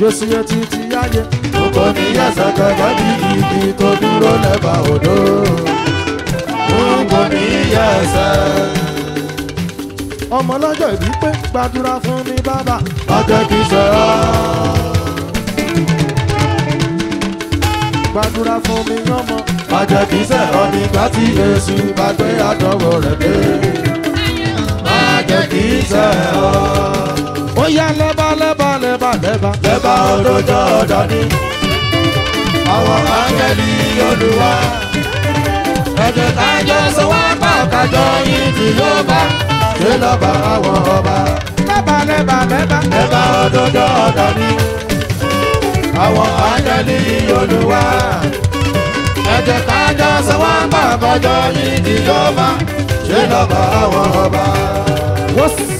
Jésù yẹn ti ti ayé. Gbogbo mi yẹ sàkàdá bí igi tó dúró lẹ́bàá odò. Gbogbo mi yẹ sàkàdá ọmọ lọ́jọ́ ìbí pé gbàdúrà fún mi bàbá. ọjọ́ kì í ṣe ọ́. gbàdúrà fún mi ọmọ. ọjọ́ kì í ṣe ọ́ nígbà tí èsì bá gbé àdánwò rẹ̀ dé. ọjọ́ kì í ṣe ọ́. ó yá lẹ́bàá lẹ́bàá lẹ́bà lẹ́bà. lẹ́bà olójó ọ̀dọ́ ni àwọn áńgẹ́lì olúwa. ẹ̀jẹ̀ kájọ sọ́wọ́ pàkájọ yìí ti yóò bá ṣe lọ́ba àwọn ọba. lẹ́bà lẹ́bà lẹ́bà. lẹ́bà olójó ọ̀dọ́ ni àwọn áńgẹ́lì olúwa. ẹ̀jẹ̀ kájọ sọ́wọ́ pàkájọ yìí ti yóò bá ṣe lọ́ba àwọn ọba. wọ́n sì.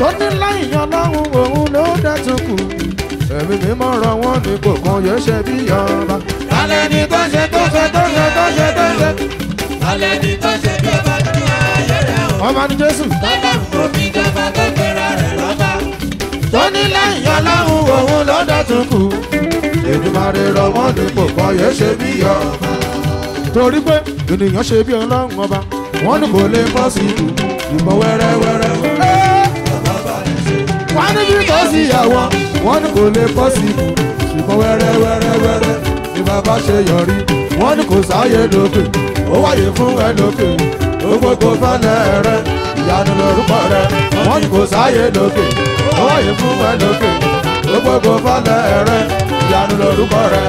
tó ní láyìn ọlọ́run òun ló dẹ́tukù ẹ̀mí mímọ́ rọ wọ́n ní kò kan yóò ṣe bí ọba. alẹ́ ni tó ṣe tó ṣe tó ṣe tó ṣe tó ṣe. alẹ́ ni tó ṣe bí ọba nínú ayé rẹ̀ o. ọba ní jésù. lọ́dọ̀ omi jọba tó gbéra rẹ̀ lọ́ba. tó ní láyìn ọlọ́run òun ló dẹ́tukù èdùmarè rọ wọ́n ní kò kan yóò ṣe bí ọba. torí pé ènìyàn ṣe bí ọlọ́run ọba wọ́n ní kò lè bọ́ sí ìbọn wẹ́rẹ́wẹ́rẹ́ wọ́n ní bí kò sí àwọn wọ́n ní kò lè bọ́ sí i ṣùgbọ́n wẹ́rẹ́ wẹ́rẹ́ wẹ́rẹ́ ni bàbá ṣe yọrí wọ́n ní kò sáyé lókè ó wáyé fún ẹ lókè ó gbogbo fẹ́lẹ́ rẹ ìyanu lórúkọ rẹ wọ́n ní kò sáyé lókè ó wáyé fún ẹ lókè ó gbogbo fẹ́lẹ́ rẹ ìyanu lórúkọ rẹ.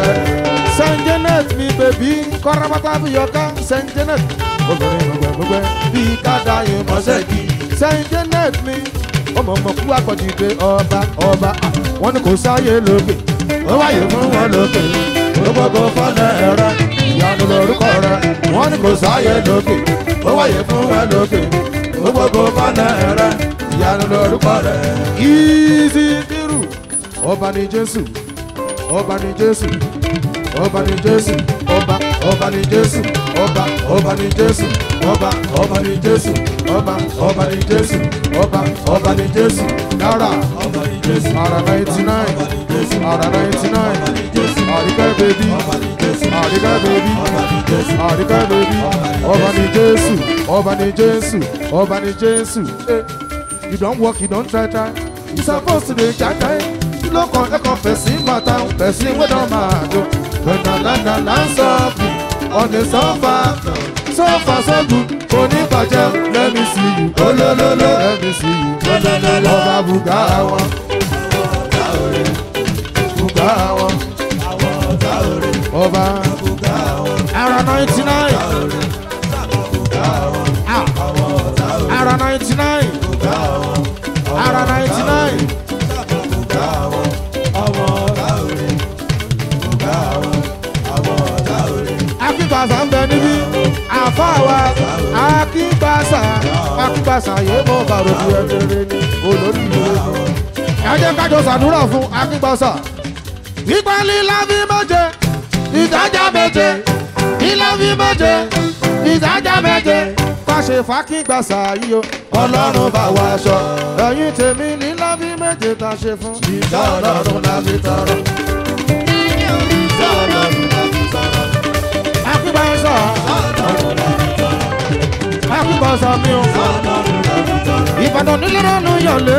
Saint Janet mi bèbí kọ́rápátá fi yọká Saint Janet obìnrin gbẹgbẹgbẹ bí ká dá yín mọ́ṣẹ́kì Saint Janet mi ọmọ ọmọ kú àpọ̀jìde ọba ọba wọn ni kò sáyé lókè ó wáyé fún wọn lókè ó gbogbo fọ́nà ẹ̀rọ ìyanu lórúkọ rẹ wọn ni kò sáyé lókè ó wáyé fún wọn lókè ó gbogbo fọ́nà ẹ̀rọ ìyanu lórúkọ rẹ. Ìsítírù ọba ni Jésù ọba ni Jésù ọba ni Jésù ọba ọba ni Jésù ọba ọba ni Jésù ọba ọba ni jésù ọba ọba ni jésù ọba ọba ni jésù dára ara ninety nine ara ninety nine àríkà bèbí àríkà bèbí àríkà bèbí ọba ni jésù ọba ni jésù ọba ni jésù. you don work you don try try you suppose to dey jaja lọkọ ẹkọ fẹsí mata fẹsí wey don máa do gbẹdàgbẹdà lansan ọdẹ sọfà so far so good oníbàjẹ́ let me see you Oh olólóló let me see you olólóló ọba bùgá wọn ọba òrè bùgá wọn ọba Oba. wọn ara ninety nine. gbàsàyè mọ́ bàròdì ẹ̀jẹ̀rẹ̀ ni olórí ìlú. ẹ jẹ́ kájọ ṣàdúrà fún akíngbọ́sà. wípé lílá fi méje ìdájà méje lílá fi méje ìdájà méje fàṣẹ fàkíngbàsà yìí o ọlọ́run bá wa aṣọ ẹ̀yin tèmi lílá fi méje tá a ṣe fún. ìjà ọlọ́run la fi tọrọ. ìjà ọlọ́run la fi tọrọ. akíngbàsà akúbọ̀ sọ mi o. Ìbàdàn nílé lọ́nu yọ̀lé.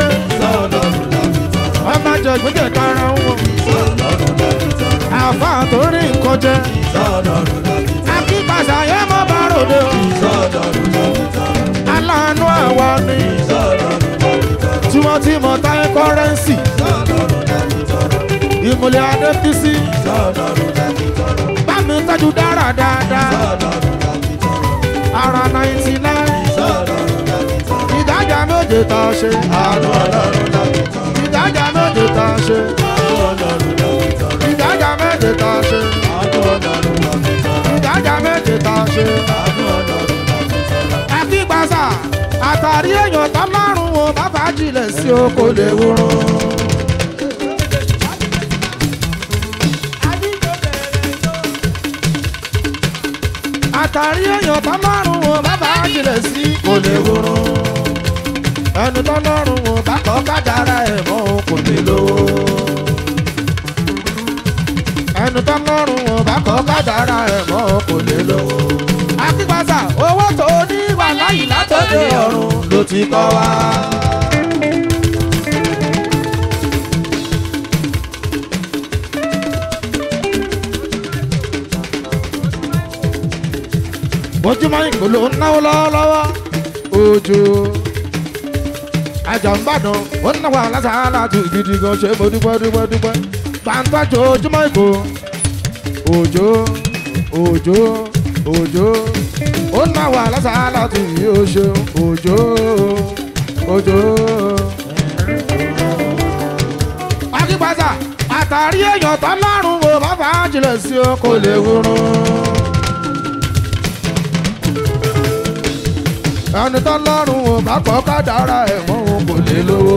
Ọmọ àjọ ìgbésẹ̀ kára ń wọ. Àfa tó rí nǹkan jẹ. Akípasà yẹ mọ́ bá ròde o. Aláàánú àwa ni. Tí wọ́n ti mọ̀ táyé kọ́rẹ́ǹsì. Ìmùlẹ̀ Adébísí. Bámi tọ́jú dára dáadáa ara náìtì náírà. ìdájà méje tá a ṣe. àrùn ọlọ́run láti tán. ìdájà méje tá a ṣe. àrùn ọlọ́run láti tán. ìdájà méje tá a ṣe. àrùn ọlọ́run láti tán. ìdájà méje tá a ṣe. àti gbàsà àtàrí èèyàn tá márùn-ún bàbá jìnlẹ̀ sí o kò lè wúrun. àtàrí èèyàn tá márùn ún bàbá jìnlẹ̀ sí kò lè wúrun ẹnu tọ́lọ́run ò bá kọ́ kájára ẹ̀ mọ́ kò lè lówó ẹnu tọ́lọ́run ò bá kọ́ kájára ẹ̀ kò lè lówó. akíkpàsà owó tó ní wàhálà yìí látọ̀dẹ̀ ọ̀run ló ti kọ́ wa. ojúmọ́ ìgbò ló ń náwó lọ́wọ́lọ́wọ́ ojú àjọ ó ń náwó alásàálà gidi gan ṣe mo dúpẹ́ dúpẹ́ dúpẹ́ gbàǹtàjò ojúmọ́ ìgbò òjò òjò òjò ó ń náwó alásàálà tó yí o ṣeun òjò òjò. àtàrí èèyàn tọ́lọ́run wo bàbá jìnlẹ̀ sí o lè wúrun. ẹni tó lọ́rùn ò bá kọ́ kádàrá ẹ̀ mọ́ òun kò lè lówó.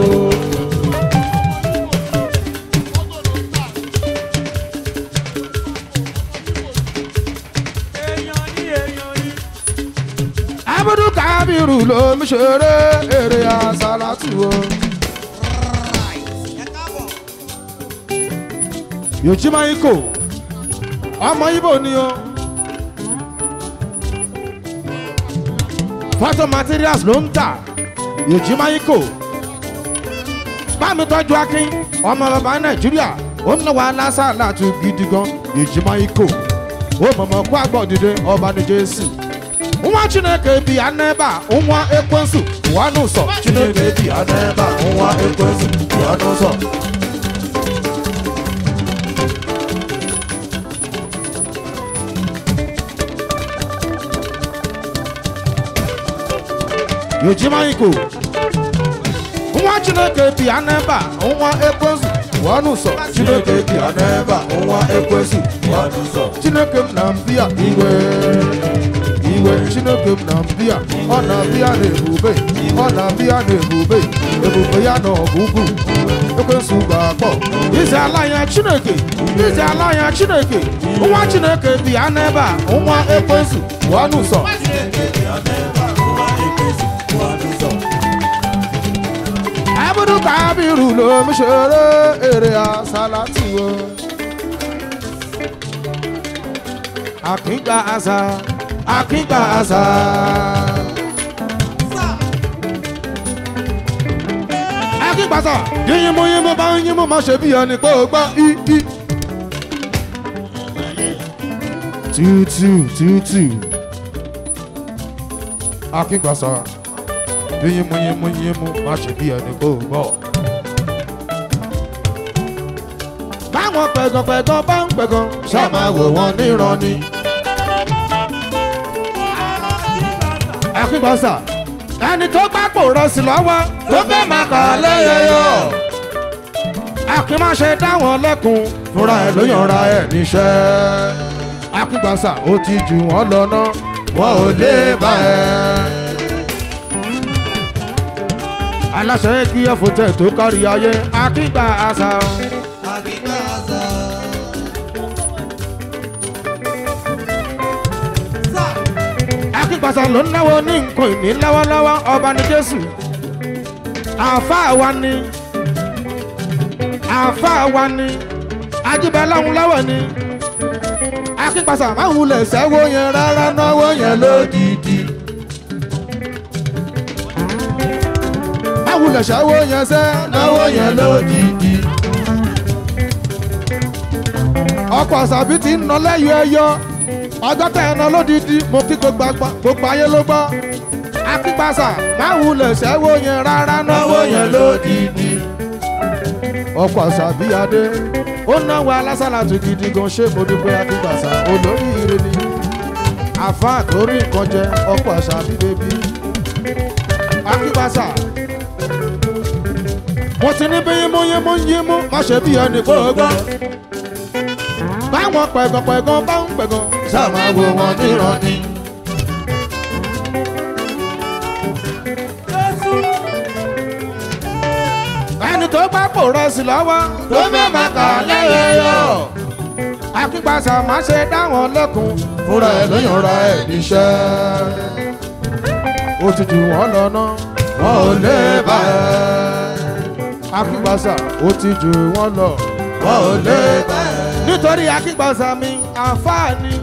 abudu kabiru ló ń ṣeré eré àsálàtù o. yòjìmá ikọ̀ ọmọ ibo ni o. Custom materials ló ń tà Yèjí Máyíkò bámi tọ́jú akin ọmọlọba Nàìjíríà ó ń lọ wá lásán láti gidi gan Yèjí Máyíkò ó mọ̀mọ́ kó àgbọ̀ dìde ọba ní Jésù nwa Chineke bi ya n'ebe a nwa ekwensu pụọ n'ụzọ Chineke bi ya n'ebe a ekwensu pụọ n'ụzọ ejima iko nwa chineke bịa n'ebe a nwa ekwezu pụọ n'ụzọ chineke bịa n'ebe a nwa ekwezu pụọ n'ụzọ chineke m na mbịa iwe iwe chineke m na mbịa ọ na-abịa n'ebube ọ na-abịa n'ebube ebube ya na ọgụ ugwu ekwensu akpọ ize ala ya chineke ize ala ya chineke nwa chineke bịa n'ebe a nwa ekwensu pụọ n'ụzọ dúdú kábírù ló ń ṣeré èrè àsálàtì o. àkígbà àṣà àkígbà àṣà. àkígbà àṣà yíyímú yíyímú bá ń yíyímú má ṣe bí ẹni pé gbọ́ í í. tútù tútù àkígbà àṣà bí yínmú yínmú yínmú má ṣe bí ẹni kò gbọ́. báwọn pẹ̀gànpẹ̀gàn bá ń pẹ̀gàn ṣáà máa wò wọ́n níran ni. akínbọ́sà ẹni tó gbápò rọ̀sì lọ́wọ́ tó fẹ́ máa kà á lẹ́yẹyọ. akínmáṣe dáwọn lẹ́kùn fúnra ẹ̀ ló yànra ẹ̀ níṣẹ́. akínbọ́sà ó ti jù wọ́n lọ ná wọn ò lè bá ẹ aláṣẹ kí ọ̀fọ̀tẹ̀ tó kárí ayé akígbà àṣà. akígbà àṣà. akígbà àṣà ló ń náwó ní nǹkan ìní lọ́wọ́lọ́wọ́ ọba ní jésù àáfàá wa ni àáfàá wa ni ajíbẹ́láhùn lọ́wọ́ ni akígbà máa ń wulẹ̀ sẹ́wó yẹn rárá náwó yẹn lódì. gbọ́dọ̀ ṣáwó yẹn sẹ́ náwó yẹn lódìdí. ọkọ̀ àṣàbí ti ń nà lẹ́yọ ẹyọ ọjọ́ tẹ̀ ẹ̀nà lódìdí mo kí gbogbo ayé ló gbọ́. akípasà máa wulẹ̀ ṣẹ́wó yẹn rárá náwó yẹn lódìdí. ọkọ̀ àṣàbí adé ó náwó alásàlátù gidi gan ṣé mo dúpẹ́ akípasà olórí ire ni àfáà tó rí nǹkan jẹ ọkọ̀ àṣàbí bèbí akípasà mo ti ní bí yímú yímú yímú má ṣe bí ẹnì kó o gbọ́. báwọn pẹ̀gànpẹ̀gàn bá ń pẹ̀gàn sáà máa wo wọn níran ni. ẹni tó bá pò rẹsì lọ́wọ́ tó fẹ́ máa kà lẹ́yẹyọ. akínpasà má ṣe dáwọn lẹ́kùn fúnra ẹ̀ ló yànra ẹ̀ níṣẹ́. ó ti jù wọ́n lọ ná wọn ò lè bá ẹ akíngbàsà ó ti jù wọ́n lọ. wọ́n lè bẹ́ẹ̀. nítorí akíngbàsà mi àǹfààní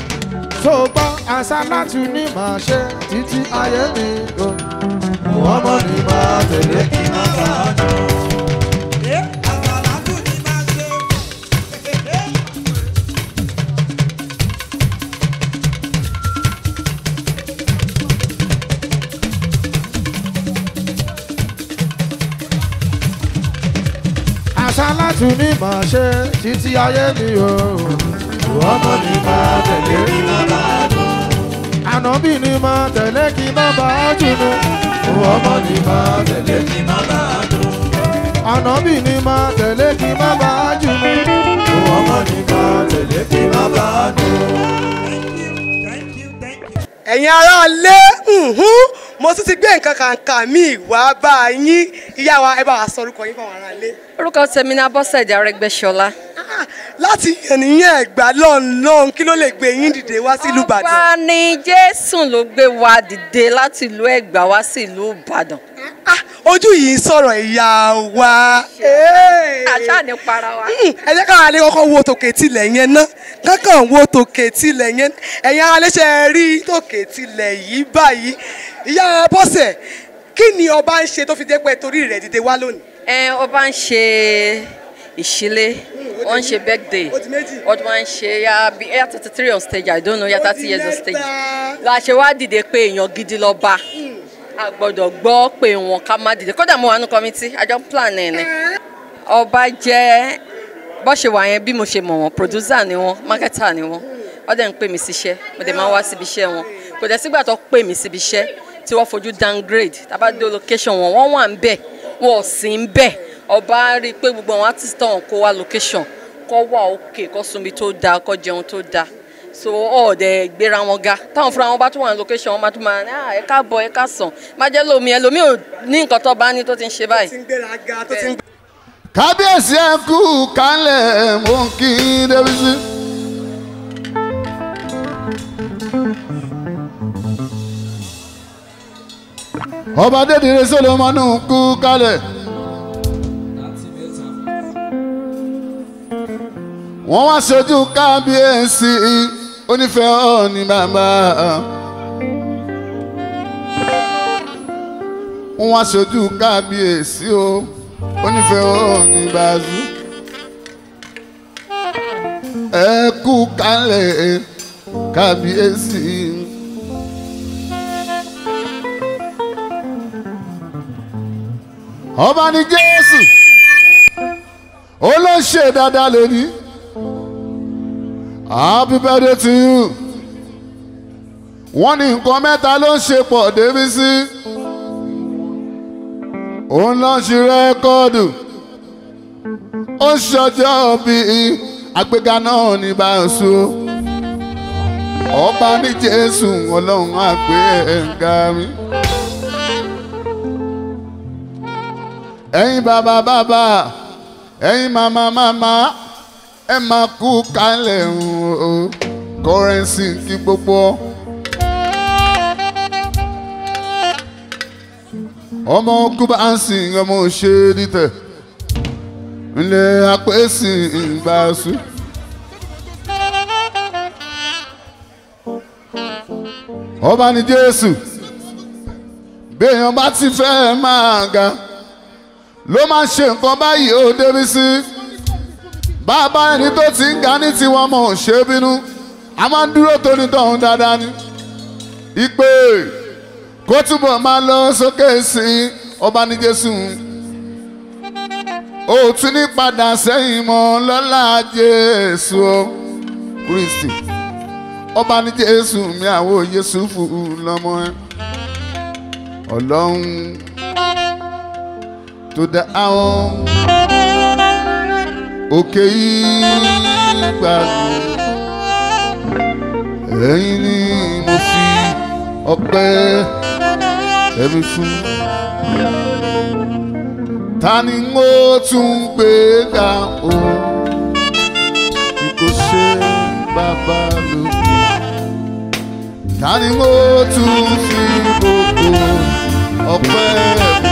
tó gbọ́ àṣà láti ní màá ṣe títí ayé mi lò. wọ́n mọ̀ ní máa tẹ̀lé kí n máa ṣáájú. tún ní màá ṣe títí ayé mi o. ọmọ ni máa tẹ̀lé kí má bàa dùn. ànábì ni máa tẹ̀lé kí má bàa dùn. ọmọ ni máa tẹ̀lé kí má bàa dùn. ànábì ni máa tẹ̀lé kí má bàa dùn. ọmọ ni máa tẹ̀lé kí má bàa dùn. ẹ̀yin ará lé mo tún ti gbé nǹkan kàǹkà míì wá bá yín ìyá wa ẹ bá wa sọ orúkọ yín fáwọn aráalé. orúkọ tèmi ni Abọ́sẹ̀dé Arẹ́gbẹ́ṣọlá láti ènìyàn ẹ̀gbá lọ́nlọ́n kí ló lè gbé yín dìde wá sí ìlú Ìbàdàn. ọba ni Jésù ló gbé wa dìde láti ìlú ẹ̀gbá wá sí ìlú Ìbàdàn. Ah, ojú yìí ń sọ̀rọ̀ ìyá wa. àṣà ni para wa. Hmm, ẹ jẹ́ káwọn alẹ́ kọ́kọ́ wo tòkè tilẹ̀ yẹn ná kankan wo tòkè tilẹ̀ yẹn ẹ̀yin aláṣẹ rí tòkè tilẹ̀ yìí báyìí ìyá Bọ́sẹ̀ kí ni ọba ń ṣe tó fi dé pẹ́ torí rẹ̀ dìde wá lónìí. ọba ń ṣe ìṣílé wọ́n ń ṣe birthday wọ́n tún máa ń ṣe ya bí air thirty three on stage i don't know ya thirty years on stage la ṣe wá dìde pé èèyàn gidi lọ bá hmm. a gbọ́dọ̀ gbọ́ pé wọn ká má dìde kódà mo wà ní committee àjọ plan ẹ̀ ni ah. ọba jẹ́ bó ṣe wà yẹn bí mo ṣe mọ̀ wọ́n producer ni wọ́n marketer ni wọ́n wọ́n dẹ̀ ń pè mí síṣẹ́ mo dẹ̀ máa ń wá síbi iṣẹ́ wọn kò dẹ̀ sígbà tó pè mí síbi iṣẹ́ tí wọ́n fojú downgrade tábà dé location wọn wọ́n wà ń bẹ̀ wọ́n ò sí ń bẹ̀ ọba rí i pé gbogbo àwọn artist tán kó wá location kọ́ wà òkè kọ́ sunbi tó dáa kọ́ jẹun tó dáa so ọ̀ọ́dẹ̀ gbéra wọn ga táwọn fúnra wọn bá tún wà ní location wọn máa tún máa ní ah, ẹ ká bọ̀ ẹ ká sàn má jẹ́ lómi ẹ lómi ò ní nǹkan tó bá ní tó ti ń ṣe báyìí. kábíyèsí ẹ kú kálẹ̀ mò ń kí Débísí. ọba dédìrẹ Sólómọ́nù kú kalẹ̀. wọ́n wá ṣojú kábíyèsí onífẹ́ ọ̀ọ́ni bàbá. wọ́n wá ṣojú kábíyèsí o onífẹ́ ọ̀ọ́ni bàzú. ẹ kú kalẹ̀ kábíyèsí. ọba ni jésù ó ló ń ṣe dáadáa lónìí happy birthday to you wọ́n ní nǹkan mẹ́ta ló ń ṣe pọ̀ débi sí òun ló ń ṣe rẹ́kọ́ọ̀dù ó ń ṣọjọ́ bí àgbéga náà ní bá a sùn ọba ní jésù ọlọ́run àgbẹ̀ ẹ̀ ń ga mi. ẹ̀yin bàbá bàbá ẹ̀yin màmá ma ẹ máa kú kalẹ̀ o kọrẹ́nsì nke gbogbo. ọmọ kúbà ń sìn ọmọ nle tẹ̀ ilé apèsè ìgbà sùn. ọba ni jésù béèyàn bá ti fẹ́ máa ga. ló máa ń ṣe nǹkan báyìí ó débi sí bàbá ẹni tó ti ń ga ní tiwọn mọ̀ ṣe bínú a máa ń dúró tóní tọ̀hún dáadáa ni ìpè kó túbọ̀ máa lọ sókè sí ọba ní Jésù ó tún ní padà sẹ́yìn mọ́ lọ́lá Jésù o Kristi ọba ní Jésù mi àwọ̀ Yésùfù lọ́mọ ẹ ọlọ́run to the hour, okay, ìgbàgbọ́ ẹ̀yin ni mo fi ọpẹ́ ẹ̀mí fún. ta ni mo tún gbé ga o bí kò ṣe bàbá lókè. ta ni mo tún fi gbogbo ọpẹ́ ẹ̀mí.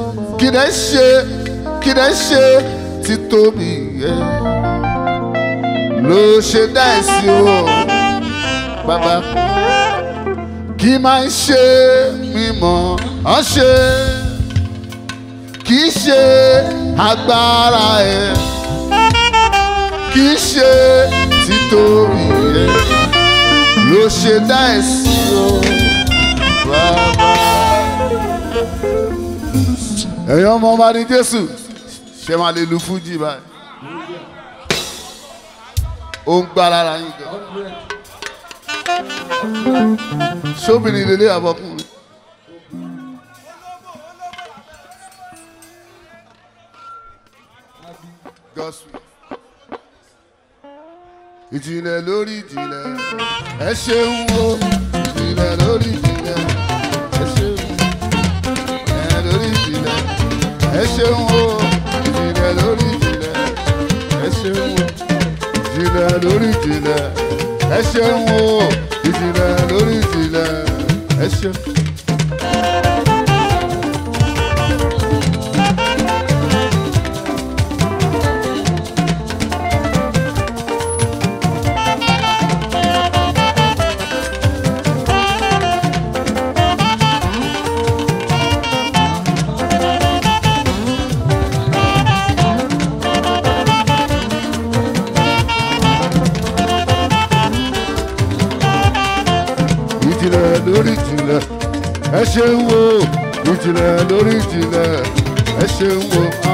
kí lẹ ṣe kí lẹ ṣe títóbi yẹ ló ṣe dá ẹ̀sìn o bàbá kí máa ń ṣe mímọ́ ọ ṣe kì í ṣe agbára ẹ kì í ṣe títóbi yẹ ló ṣe dá o. ẹ̀yin ọmọ ọba ní Jésù ṣe máa lè lu fújì báyìí ó ń gbá lára yín gan sóbìnrin lélẹ àbọkùnrin. ìjìnlẹ̀ lórí ìjìnlẹ̀ ẹ ṣeun o ìjìnlẹ̀ lórí ìjìnlẹ̀. ẹ ṣeun o ìjìnlẹ̀ lórí ìjìnlẹ̀ ẹ ṣeun o ìjìnlẹ̀ lórí ẹ ṣeun o ìjìnlẹ̀ lórí ìjìnlẹ̀ ẹ ṣeun o.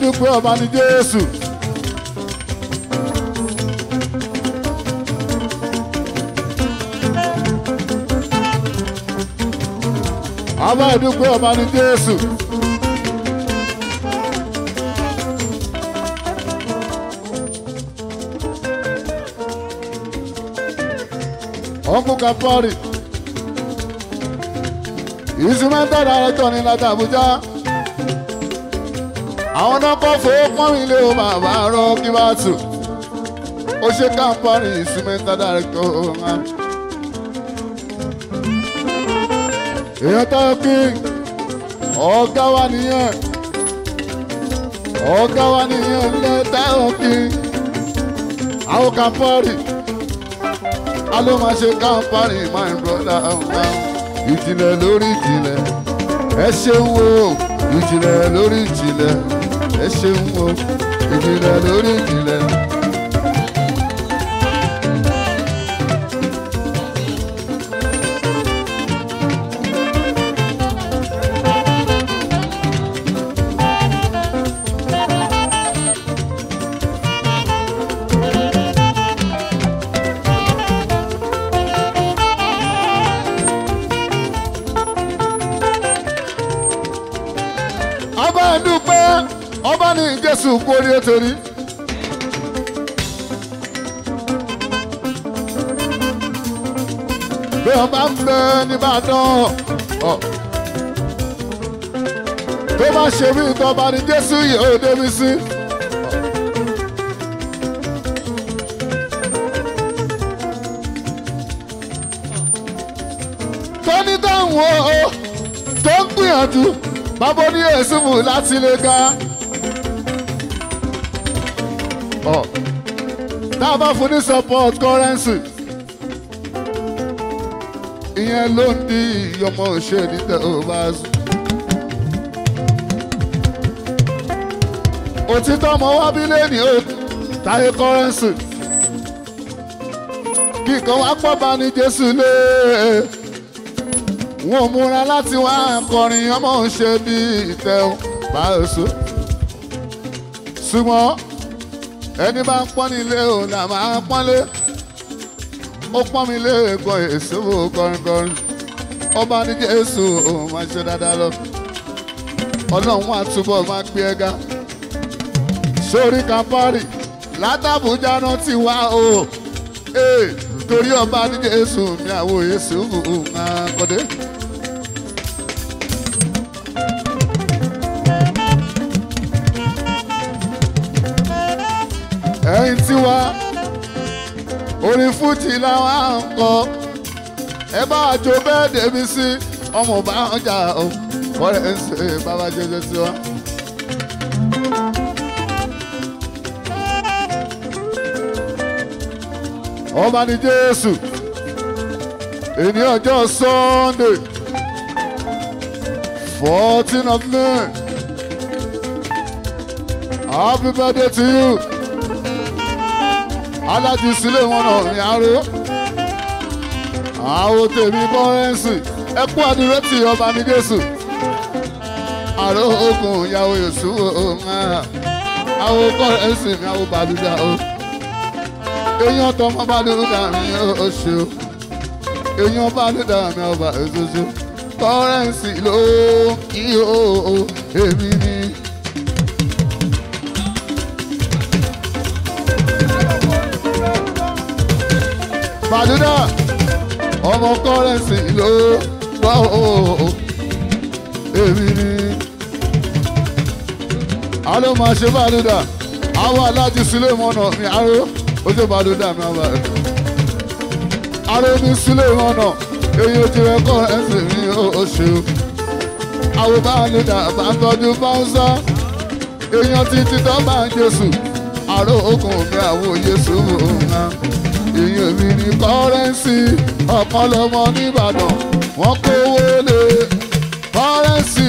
dúpẹ́ ọba ní Jésù. ọba ìdúpẹ́ ọba ní Jésù. ọkùnkà pọ́ọ̀rì ìsúná tọ́ra ní láti Àbújá àwọn náà kọ́ fowó pọ́n mi lé o bàbá rán kí bá tù ó ṣe káàpárì ìsúmẹ́ta dárí tó ńlá. èèyàn táwọn kí ọ̀gá wa nìyẹn ọ̀gá wa nìyẹn lé táwọn kí àwọn káàpárì a ló máa ṣe káàpárì my brother ńlá ìjìnlẹ̀ lórí ìjìnlẹ̀ ẹ ṣeun o ìjìnlẹ̀ lórí ìjìnlẹ̀ ẹ ṣeun o ìjìnlẹ̀ lórí ìjìnlẹ̀. Jésù kú orí ètòrí. bí wọ́n bá ń bẹ nìbàdàn tó bá ṣe bí nǹkan bá ní Jésù yóò débi sí. tóní tó ń wo tó ń gbìyànjú bàbá oníyèsùnmù láti lè ga tá a bá fún ní support currency ìyẹn ló ń di ìyọmọ ṣe ní tẹ ò bá sùn. òtítọ́ ọmọ wá bílíọ̀nù ó táyé currency kíkan wá pọ̀ bá ní Jésù lé wọn ò múra láti wá akọrin ọmọ ń ṣe bí ìtẹ̀ bá sùn. ṣùgbọ́n. ẹni bá pọ́n nílé o là máa pọ́nlé ó pọ́n mi lé ẹ̀kọ́ èso kọrinkọrin ọba ní Jésù òun máa ṣe dáadáa lọ ọlọ́run á túbọ̀ máa gbé ẹ sórí látàbújá ti wá o torí ọba ní Jésù mi àwọn Jésù òun máa kọ́dé. orin tiwa orin fújì làwọn à ń ẹ bá àjò bẹ́ẹ̀ débi sí ọmọ bá ń jà ó ń ṣe bàbá jẹjẹ tiwa. ọba ni Jésù èní ọjọ́ Sunday fourteen of May happy birthday to you alájú sílé wọn náà rìn aró àwọn tèmi bọ́rẹ́ǹsì ẹ kú àdúró tì ọba mi jésù àrò ogun ìyàwó èṣù ọ̀hún àwọn bọ́rẹ́ǹsì mi àwọn bàlúdà o èèyàn tọmọ bàlúdà mi ò ṣe o èèyàn bàlúdà mi ọba èṣoṣo bọ́rẹ́ǹsì ló kí o èmi ni. Maduna ọmọ kọ́rẹ́sì ló gbọ́ òòó èmi ni. Àlọ́ máa ṣe Maduna sílé mọ́nà mi aró ojú Maduna mi àbá rẹ̀. mi sílé mọ́nà èyí ojú rẹ̀ mi ṣe o. Àwọn bá a lè dà ti ti tọ́ bá ń Jésù. Àrò mi èyàn mi ní kọ́rẹ́nsì ọ̀kan lọ́mọ nìbàdàn wọ́n kówó lé kọ́rẹ́nsì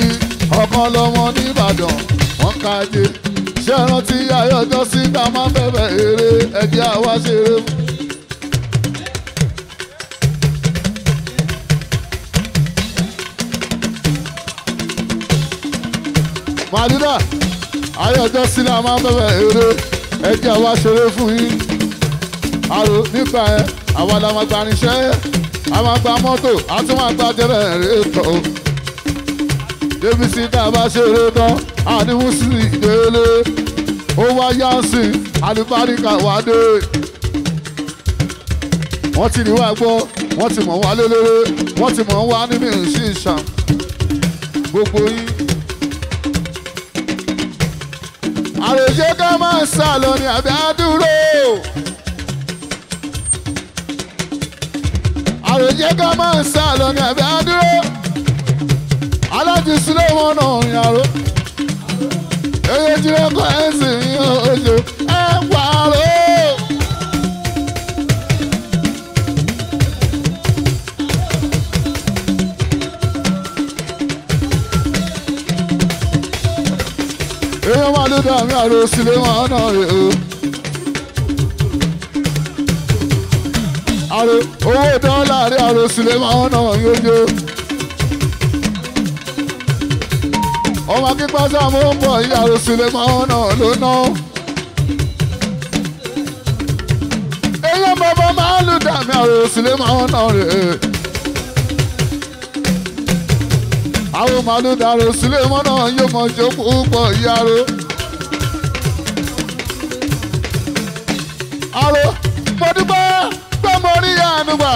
ọ̀kan lọ́mọ nìbàdàn wọ́n kájé ṣé rántí ayọ́jọ́ sí ká máa bẹ̀bẹ̀ eré ẹ̀jẹ̀ àwa ṣeré fún. màdúrà ayọ̀jọ́ sílẹ̀ a máa ń eré ẹjẹ́ wa ṣeré fún yín àrò nígbà ẹ àwa la máa gba irinṣẹ́ a máa gba mọ́tò a tún máa gba jẹrẹrẹtọ̀ o. débìsì tá a bá ṣeré tán àdìmúsì délé ó wá yánsì àlùbáríkà wá dé. wọ́n ti rí wá gbọ́ wọ́n ti mọ̀ wá lélẹ́rẹ́ wọ́n ti mọ̀ wá nínú ìṣìṣà gbogbo yín. àròjé ká máa sá lọ ní àbí àdúró. àròjẹ ká máa ń sá lọ ní àbí àdúró aláàjì sílẹ̀ wọn náà ń yàrá eré tí ó kọ ẹ̀ sì ń yàn oṣù ẹ̀ pààrọ̀. èèyàn máa ló dàmí àrò sílẹ̀ wọn náà rè owó tán láàrin àrò Suleiman náà yójó. ọmọ akínpásá mú ń bọ̀ ìyàrá Suleiman náà ló ná. eyín bàbá máa lù dàmí àrò Suleiman náà rèé. àwọn màlúù dàrò Suleiman náà yóò mọ̀ jókòó pọ̀ ìyàrá. ànúgbà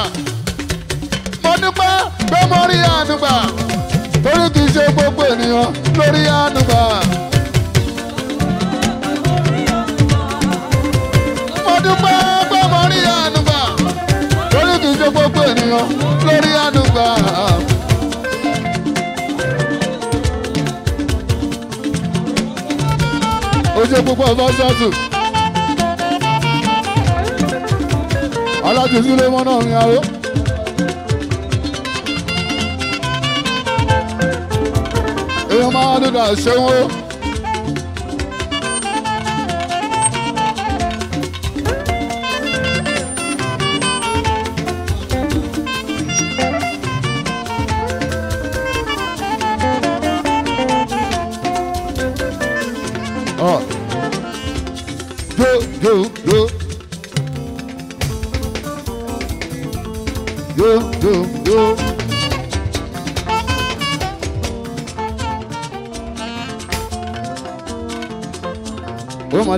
mo dúpẹ́ pé mo rí ànúgbà torí kì í ṣe gbogbo ènìyàn lórí ànúgbà. mo dúpẹ́ pé mo rí ànúgbà torí kì í ṣe gbogbo ènìyàn lórí ànúgbà. ó ṣe púpọ̀ fásitì. alájì sílé mọ́nà mi aró. èèyàn máa dúdà ṣẹ́wọ́n.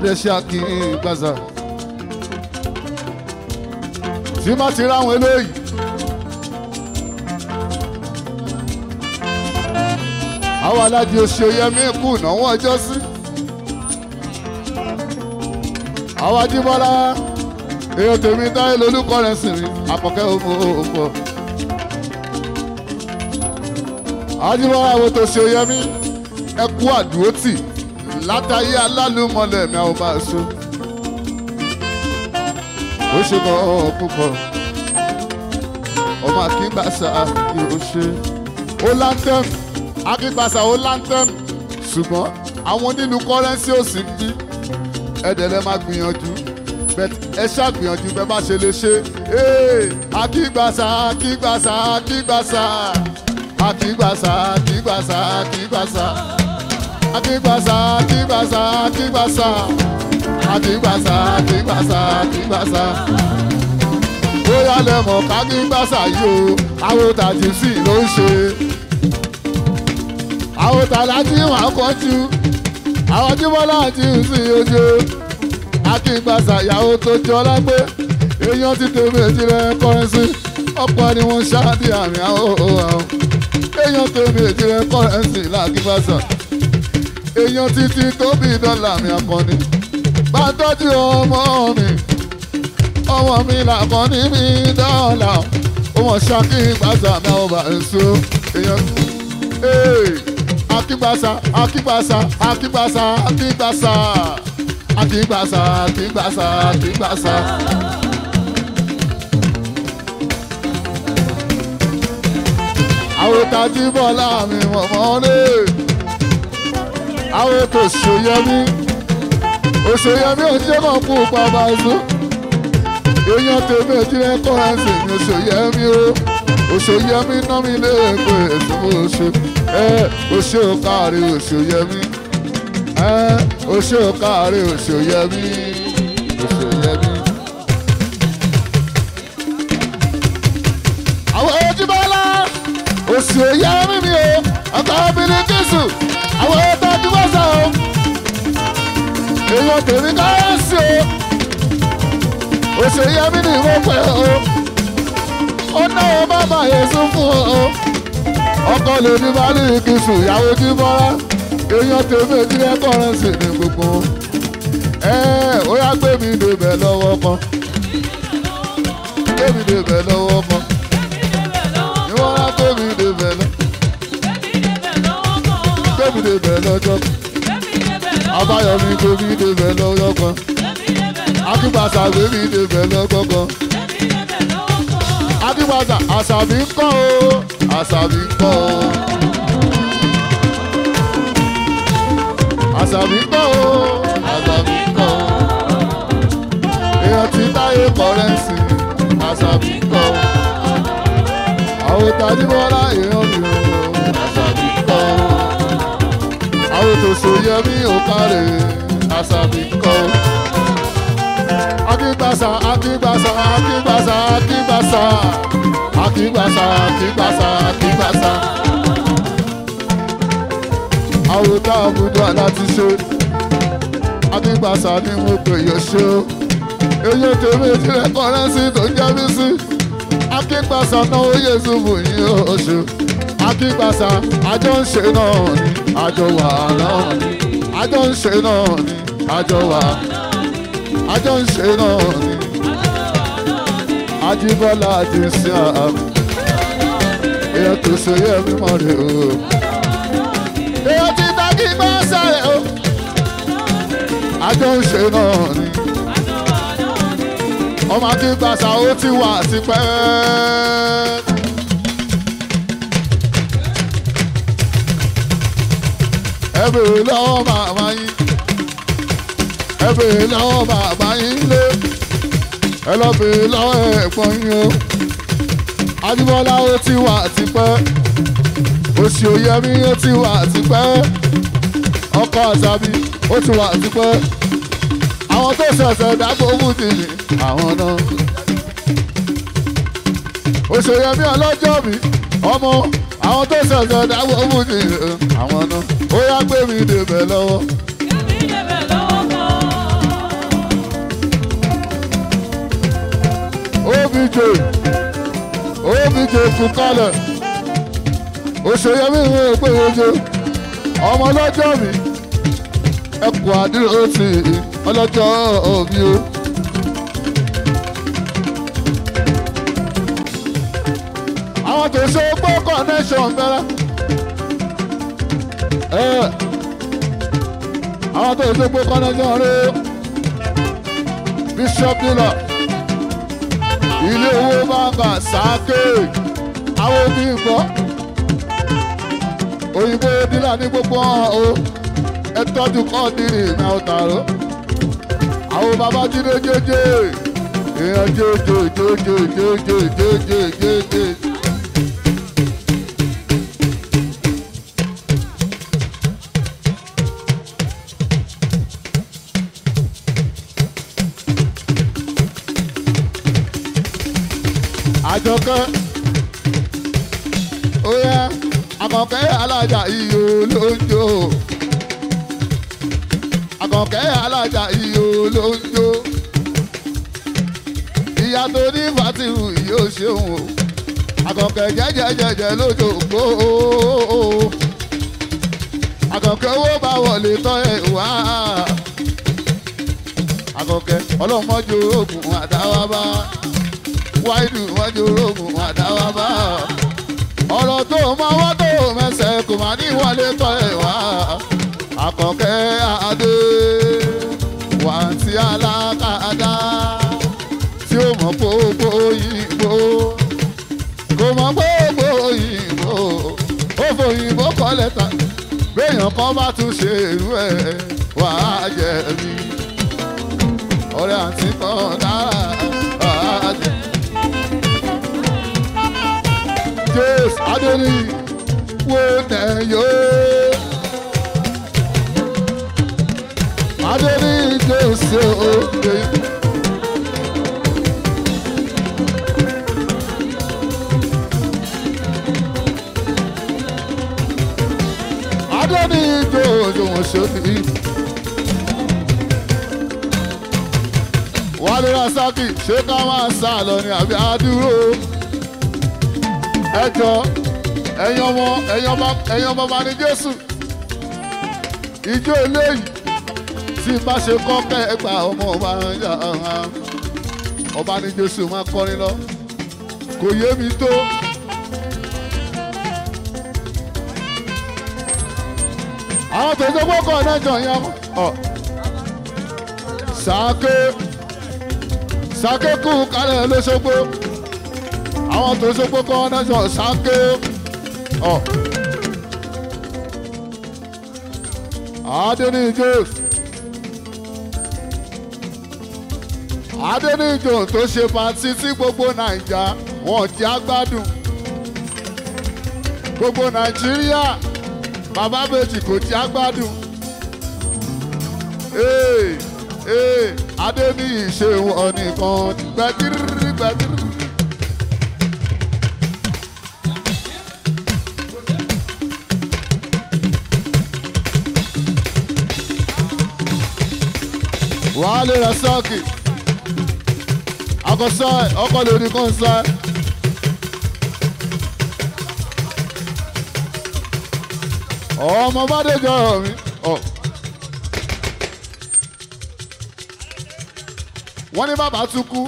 Adéṣíàkì Plaza. tí má ti ráwọn eléyìí. àwọn aládìí oṣù yẹmí kù náwó ọjọ́ sí. àwọn adìbọ́lá èèyàn tèmi táyé lolúkọ rẹ̀ sì rí àpọ̀kẹ́ òfò òfò. adìbọ́lá wo tòṣù yẹmí ẹ kú àdúrótì látàyé alálùmọ̀lẹ̀ mi àwọn máa so. ó ṣe mọ́ púpọ̀ ọmọ akíngbàsá kí o ṣe. ó láńtẹ́m akíngbàsá ó láńtẹ́m ṣùgbọ́n àwọn nínú kọ́rẹ́nsì ò sí bí ẹ̀dẹ̀lẹ̀ máa gbìyànjú ẹ ṣàgbìyànjú bẹ́ẹ̀ bá ṣe lè ṣe. akíngbàsá akíngbàsá akíngbàsá akíngbàsá akíngbàsá akíngbàsá àtìgbàsà àtìgbàsà àtìgbàsà àtìgbàsà àtìgbàsà àtìgbàsà. bóyá lẹ mọ̀ kágígbàsà yìí o àwọn tàjí sí ló ń ṣe. àwọn tàlájí wà kọjú àwọn tí bọ́lá àti ìsì ojú àtìgbàsà ìyàwó tó jọ lágbé èèyàn ti tèmi èjì rẹ kọrin sí ọ̀pọ̀ ni wọ́n ṣáà di àmì àwọn òhò àwọn èèyàn tèmi èjì rẹ kọrin sí làkìgbàsà èèyàn títí tóbi dọ́là mi àkànní bá tọ́jú ọmọ mi ọmọ mi làkànní mi dọ́là ọmọ ṣákì gbàsà náà ọba èso èèyàn akígbàsà akígbàsà akígbàsà akígbàsà akígbàsà akígbàsà akígbàsà. àwòtájú bọ́lá mi mọ̀mọ́ rèé àwọn ètò ṣòyẹmí òṣòyẹmí òjẹ́mọ̀ kú bàbá ẹ̀sùn èèyàn tèmi ìdílé kọ́rẹ́ǹsì ni òṣòyẹmí o òṣòyẹmí ná mi léèpé ẹ̀sùn oṣù ẹ oṣù káàrí òṣòyẹmí ẹ oṣù káàrí òṣòyẹmí òṣòyẹmí. àwọn ojúbọ́lá òṣòyẹmí mi o ọkọ̀ bílí jésù àwọn èèyàn tèmi káyọ̀sì o òṣèyẹmí ni mo pẹ́ o ó náwó bàbá yẹsù fún o ọkọ lè ní bá ní ìkìsù ìyàwó kí bọ́lá èèyàn tèmi ìdílé kọ́rẹ́nsì ní gbogbo ẹ ó yá gbé mi débẹ̀ lọ́wọ́ kan gbé mi débẹ̀ lọ́wọ́ kan ìwọ́n á gbé mi débẹ̀ lọ́wọ́ kan gbé mi débẹ̀ lọ́jọ́ kan. Àbáyọ̀mí kò fi débẹ̀ lọ́wọ́ kan. Akínpàṣà gbé mi débẹ̀ lọ́kọ̀ kan. Akínpàṣà àṣàbí ń kọ́ o, àṣàbí ń kọ́ o. Àṣàbí ń kọ́ o, àṣàbí ń kọ́ o. Èèyàn ti táyé kọ́rẹ́ǹsì, àṣàbí ń kọ́ o. Àwọn òtàdínbọ́lá èèyàn mi ò lọ àwọn tòṣò yẹmí ò kárẹ̀ àṣàbí kọ́. akíngbàsà akíngbàsà akíngbàsà akíngbàsà akíngbàsà akíngbàsà akíngbàsà. àwọn tá a mú ṣe akíngbàsà ni mo pè yọ ṣe o. èyí ò tèmi ti rẹ̀ kọ́rẹ́nsì tó ń jẹ́ mí sí. akíngbàsà náà ó yẹ zùmù yín oṣù akíngbàsà àjọ ń ṣe náà ni àjọ wà náà ni àjọ ń ṣe náà ni àjọ wà àjọ ń ṣe náà ni Àjíbọ́lá ti ṣe àmì tó ṣe yẹ mímọ́ rẹ̀ o. èèyàn ti dákì bá ṣẹlẹ̀ o àjọ ń ṣe náà ni ọmọ àti gbàṣà ó ti wà tipẹ́. ẹ bèrè lọ́wọ́ màmá yín ẹ bèrè lọ́wọ́ màmá yín lé ẹ lọ bèrè lọ́wọ́ ẹ̀gbọ́n yín o Adébọ́lá ó ti wà tipẹ́ oṣù Oyèmí ó ti wà tipẹ́ ọkọ Àṣàbí ó ti wà tipẹ́ àwọn tó ṣẹ̀ṣẹ̀ dágbó mùdìní àwọn náà oṣù Oyèmí ọlọ́jọ́ mi ọmọ àwọn tó ṣẹ̀ṣẹ̀ dágbó mùdìní àwọn náà ó yá gbé mi débẹ̀ lọ́wọ́. gbé mi débẹ̀ lọ́wọ́ kan. obj obj tún kálẹ̀ òṣèyẹmí ìwé ìpè ojo ọmọ ọlọ́jọ́ mi ẹkùn àdúró sí ọlọ́jọ́ òbí o. àwọn tó ṣe gbọ́ connection bẹ́rẹ̀. Eh. àwọn tó ṣe pé kọ́nẹ́sán rẹ bishop nila ilé owó bàbà sáké àwọn òbí gbọ́ òyìnbó dílà ní gbogbo ọ̀hún o ẹ tọ́jú kọ́ dìrì náà ọ̀tàrọ̀ àwọn bàbá jíde jẹjẹ èèyàn jẹjẹ jẹjẹ jẹjẹ jẹjẹ jẹjẹ. jẹjẹ lójó pó. àkànkẹ́ owó bá wọlé tọ́ ẹ̀ wá. àkànkẹ́ ọlọ́mọdé oògùn àtàwá bá. wáìdù mọ́jú oògùn àtàwá bá. ọ̀rọ̀ tó mọ́wọ́ tó mẹsẹ̀ kò má ní wọlé tọ́ ẹ̀ wá. àkànkẹ́ adé wà á ti àlá. lẹ́tà béèyàn kan bá tún ṣe irú ẹ̀ wàá jẹ̀bi ọ̀rẹ́ àti kan dára wàá jẹ̀bi. Jésù Adéní wo tẹ̀yọ́. Adéní Jésù ó ní ìjòjò ṣòdì. Wálé Rasaki ṣé ká máa sá lọ ní àbí àdúró? Ẹ jọ ẹ̀yin ọmọ ẹ̀yin ọmọ bá ní Jésù. Ìjọ eléyìí tí bá ṣe kọ́ kẹ́ ẹgbà ọmọ ọba ọba ní Jésù máa kọrin lọ. Kò yé mi tó. àfẹsọ́gbọ́ connection yẹn ọ. sàké sàké kú kálẹ̀ lóṣogbo àwọn tó ṣogbo connection sàké ọ. adéníjó adéníjó tó ṣe pàtí sí gbogbo nàìjà wọn jẹ́ àgbádùn gbogbo nàìjíríà bàbá méjì kò tí a gbádùn. Adéníyì ṣeun ọ̀nìkan gbẹ̀gírí gbẹ̀gírí. wàá lè ra sọ́ọ̀kì akọ́sọ́ ọkọ̀ lórí kan sọ́ọ̀. ọmọ bàdéjọ mi. wọ́n ní bàbá tún kú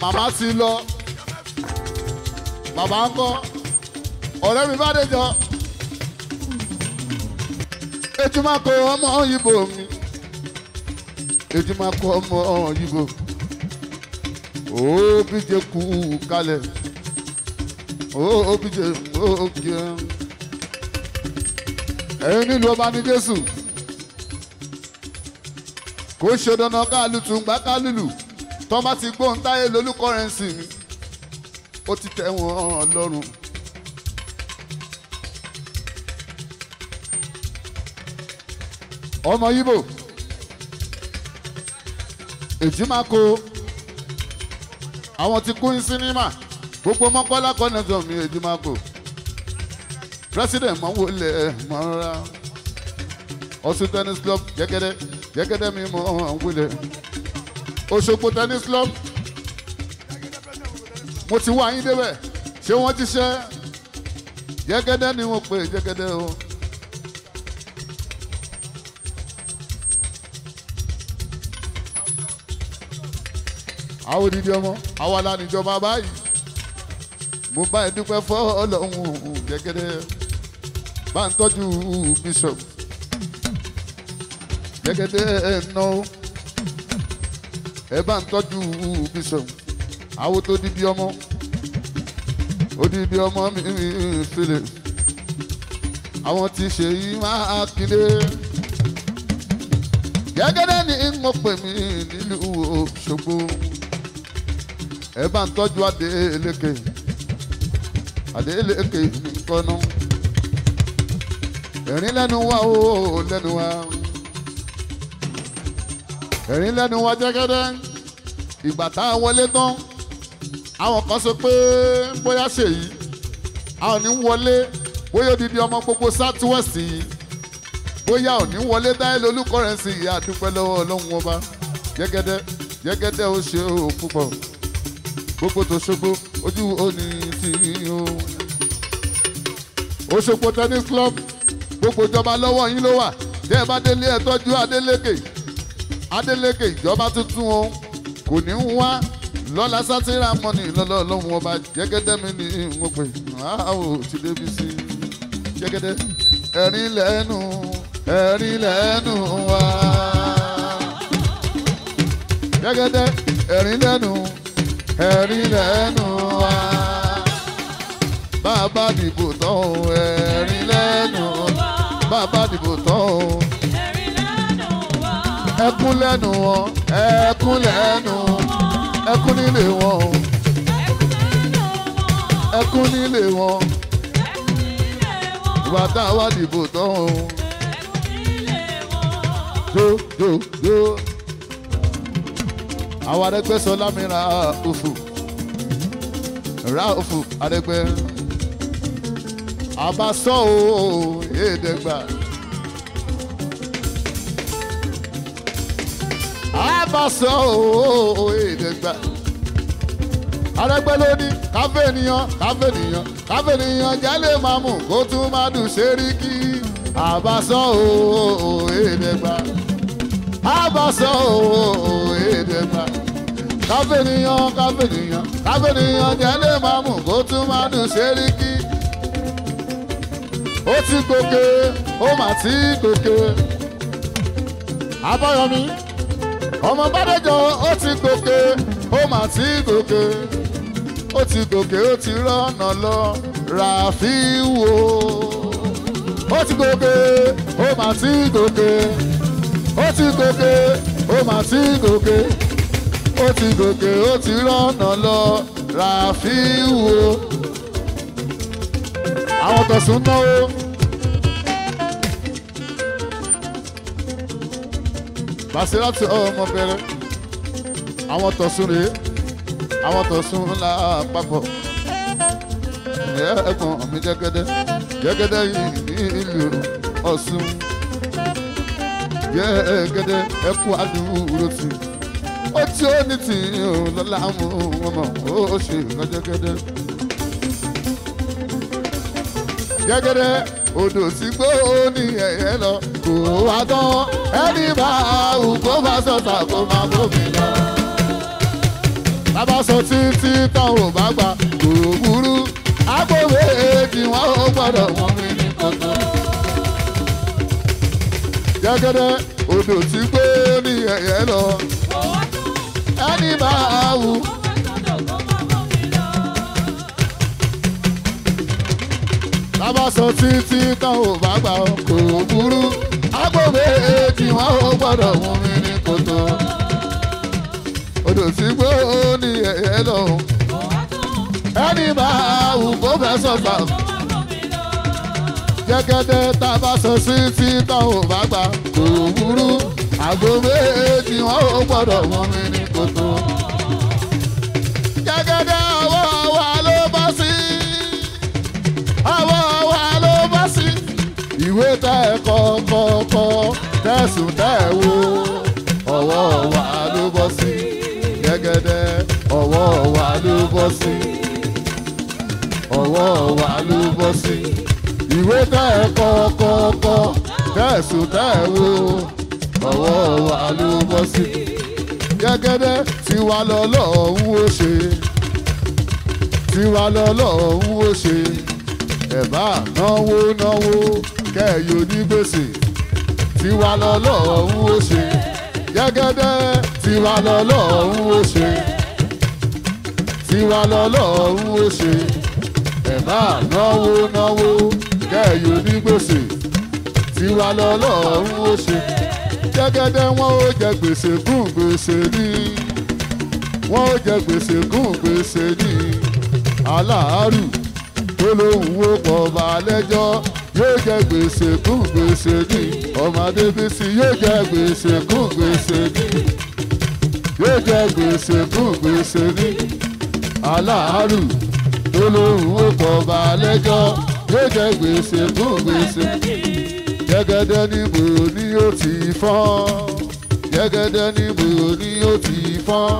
màmá ti lọ bàbá ń kọ́ ọ̀rẹ́ mi bàdéjọ ètùmákò ọmọ òyìnbó mi ètùmákò ọmọ òyìnbó ó bíjẹ kú kalẹ̀ òbíje oh, oh, oh, òbíje ẹ̀yin nílùú ọba ní Jésù kò ṣe dandan káàlù tún gbá kálùlù tó bá ti gbóhùn táyé lólùkọ́ rẹ̀ ń sìn mí ó ti tẹ̀ wọ́n lọ́rùn. ọmọ yíbò èjì máa ko àwọn tí kú ní sinimá gbogbo mọ́kọ́lá kọ́nẹ́tọ̀ mi èjìmákò president mọ̀wọlé eh, mọ́ra Ọ̀ṣun tennis club jẹ́gẹ́dẹ́ jẹ́gẹ́dẹ́ mi mọ̀ wọlé Òṣogbo tennis club mo ti wá yín débẹ̀ ṣé wọ́n ti ṣẹ́ jẹ́gẹ́dẹ́ ni wọ́n pè jẹ́gẹ́dẹ́ o. àwọn odidi ọmọ àwa la báyìí mo bá ẹ dúpẹ́ fọ́ ọlọ́run gẹ́gẹ́dẹ́ bá ń tọ́jú bishop gẹ́gẹ́dẹ́ ẹ náwó ẹ bá ń tọ́jú bishop àwo tó di bí ọmọ ó di bí ọmọ mi sílẹ̀ àwọn tí ṣe yìí máa kílé gẹ́gẹ́dẹ́ ni mo pè mí nílùú Òṣogbo ẹ bá ń tọ́jú adé lékè. Adeleke kọ́nú. Ẹ̀rín lẹ́nu wa o lẹ́nu wa. Ẹ̀rín lẹ́nu wa jẹ́gẹ́dẹ́. Ìgbà tá a wọlé tán. Àwọn kan sọ pé bóyá ṣèyí. Àwọn ní wọlé bóyá odidi ọmọ gbogbo south west yìí. Bóyá òní wọlé dáhẹ́ lolúkọ rẹ̀ sí ìyá àdúpẹ́ lọ́wọ́ ọlọ́run ọba. Jẹ́gẹ́dẹ́ jẹ́gẹ́dẹ́ ó ṣe òkú pọ̀. Gbogbo tó ṣogbo ojú òní sí i club gbogbo ìjọba lọ́wọ́ yín ló wà tẹ́ ẹ bá délé ẹ tọ́jú Adélékè Adélékè ìjọba tuntun o kò ní ń wá lọ́la sátírà mọ́nì lọ́lọ́ lọ́hùn ọba jẹ́gẹ́dẹ́ mi ní mo pè áwò tí débi sí jẹ́gẹ́dẹ́ ẹ̀rín lẹ́nu ẹ̀rín lẹ́nu wá. jẹ́gẹ́dẹ́ ẹ̀rín lẹ́nu ẹ̀rín lẹ́nu wá bàbá dìbò tán ẹ̀rín lẹ́nu bàbá dìbò tán ẹkún lẹ́nu wọn ẹkún lẹ́nu ẹkún nílé wọn ẹkún nílé wọn ìwà tá a wá dìbò tán o do do do àwọn Arẹ́gbẹ́ṣọlá mi ra òfò ra òfò Arẹ́gbẹ́ àbásọ o èdègbà. àbásọ o èdègbà. arẹgbẹ́ ló ní káfẹ́niyàn káfẹ́niyàn káfẹ́niyàn jálè máa mú kó tún máa dùn ṣeríkì. àbásọ o èdègbà. àbásọ o èdègbà. káfẹ́niyàn káfẹ́niyàn káfẹ́niyàn jálè máa mú kó tún máa dùn ṣeríkì ó ti gòkè ó mà ti gòkè. Abáyọ̀mí ọmọ Bádéjọ ó ti gòkè ó mà ti gòkè. Ó ti gòkè ó ti rọ́nà lọ Ràfíwò. Ó ti gòkè ó mà ti gòkè. Ó ti gòkè ó mà ti gòkè. Ó ti gòkè ó ti rọ́nà lọ Ràfíwò àwọn tọ̀sùn náwó. Basiratu ọmọ bẹ̀rẹ̀ àwọn tọ̀sùn rèé àwọn tọ̀sùn ńlá papọ̀ ẹ̀gbọ́n mi jẹ́gẹ́dẹ́ jẹ́gẹ́dẹ́ yìí ní ìlú Ọ̀ṣun jẹ́gẹ́dẹ́ ẹ̀kú àdúró tì ó tí ó ní tì ń lọ́la mú ọmọ ó ṣe ìrànjẹ́gẹ́dẹ́ jẹ́gẹ́dẹ́ odò sígbó ní ẹ̀yẹ́ lọ kò wá tán ẹni máa wù kó bá sọ̀tà kó máa bómi lọ. bàbá sọ títí tán ò bá gbà kò burú agbóhùn èèdì wọn ò gbọ́dọ̀ wọn mi ní kókó. jẹ́gẹ́dẹ́ odò sígbó ní ẹ̀yẹ́ lọ ẹni máa wù. bàbá sọ títí tán ò bá gbà ọ kò burú àpò méjì wọn ò gbọ́dọ̀ mú mi ní kòtò odò tí gbó ní ẹ̀yẹ lọ́hùn ẹni máa wù kó fẹ́ sọ̀tà jẹ́gẹ́dẹ́ tá a bá sọ sí tán ò bá gbà kò burú àgbo méjì wọn ò gbọ́dọ̀ mú mi. kọ́kọ́kọ́ tẹ̀sùn tẹ̀wò ọwọ́ wa ló bọ́ sí gẹ́gẹ́dẹ́ ọwọ́ wa ló bọ́ sí ọwọ́ wa ló bọ́ sí ìwé tẹ̀ kọ́kọ́kọ́ tẹ̀sùn tẹ̀wò ọwọ́ wa ló bọ́ sí gẹ́gẹ́dẹ́ tiwa lọ́lọ́run ó ṣe tiwa lọ́lọ́run ó ṣe ẹ̀bá náwó náwó kẹ́yìn onígbèsè tiwa lọ́lọ́run ó ṣe jẹ́gẹ́dẹ́ tiwa lọ́lọ́run ó ṣe tiwa lọ́lọ́run ó ṣe ẹ̀ bá náwó náwó kẹ́yìn onígbèsè tiwa lọ́lọ́run ó ṣe jẹ́gẹ́dẹ́ wọn ó jẹ gbèsè gún gbèsè ní wọn ó jẹ gbèsè gún gbèsè ní aláàárù tó lóun ó pọ̀ bá lẹ́jọ́ yóò jẹ gbèsè kún gbèsè ní ọmọ adébísí yóò jẹ gbèsè kún gbèsè ní yóò jẹ gbèsè kún gbèsè ní aláàárù tó lóhùn ó kọ bá lẹ́jọ́ yóò jẹ gbèsè kún gbèsè jẹ́gẹ́dẹ́ níbo ni ó ti fọ́n jẹ́gẹ́dẹ́ níbo ni ó ti fọ́n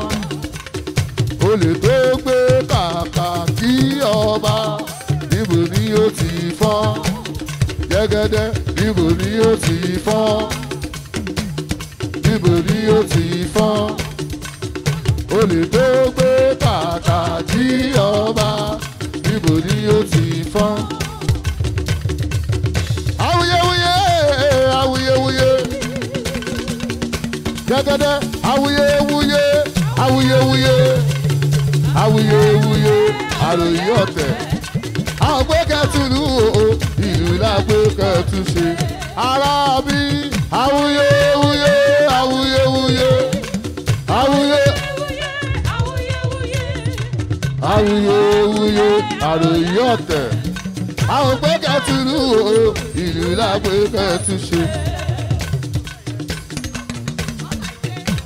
olè tó gbé kàkà kí ọba níbo ni ó ti fọ́n jẹ́gẹ́dẹ́ níbo ni ó ti fọ́n níbo ni ó ti fọ́n olè tó gbé bàtà jí ọba níbo ni ó ti fọ́n. awuyewuye awuyewuye jẹ́gẹ́dẹ́ awuyewuye awuyewuye awuyewuye àròyé ọ̀tẹ̀ agbẹ́kẹ̀tùlù o ìlú làgbẹ́kẹ̀tùṣe ará bí awuyé awuyé awuyé awuyé awuyé awuyé awuyé àròyé ọ̀tẹ̀ agbẹ́kẹ̀tùlù o ìlú làgbẹ́kẹ̀tùṣe.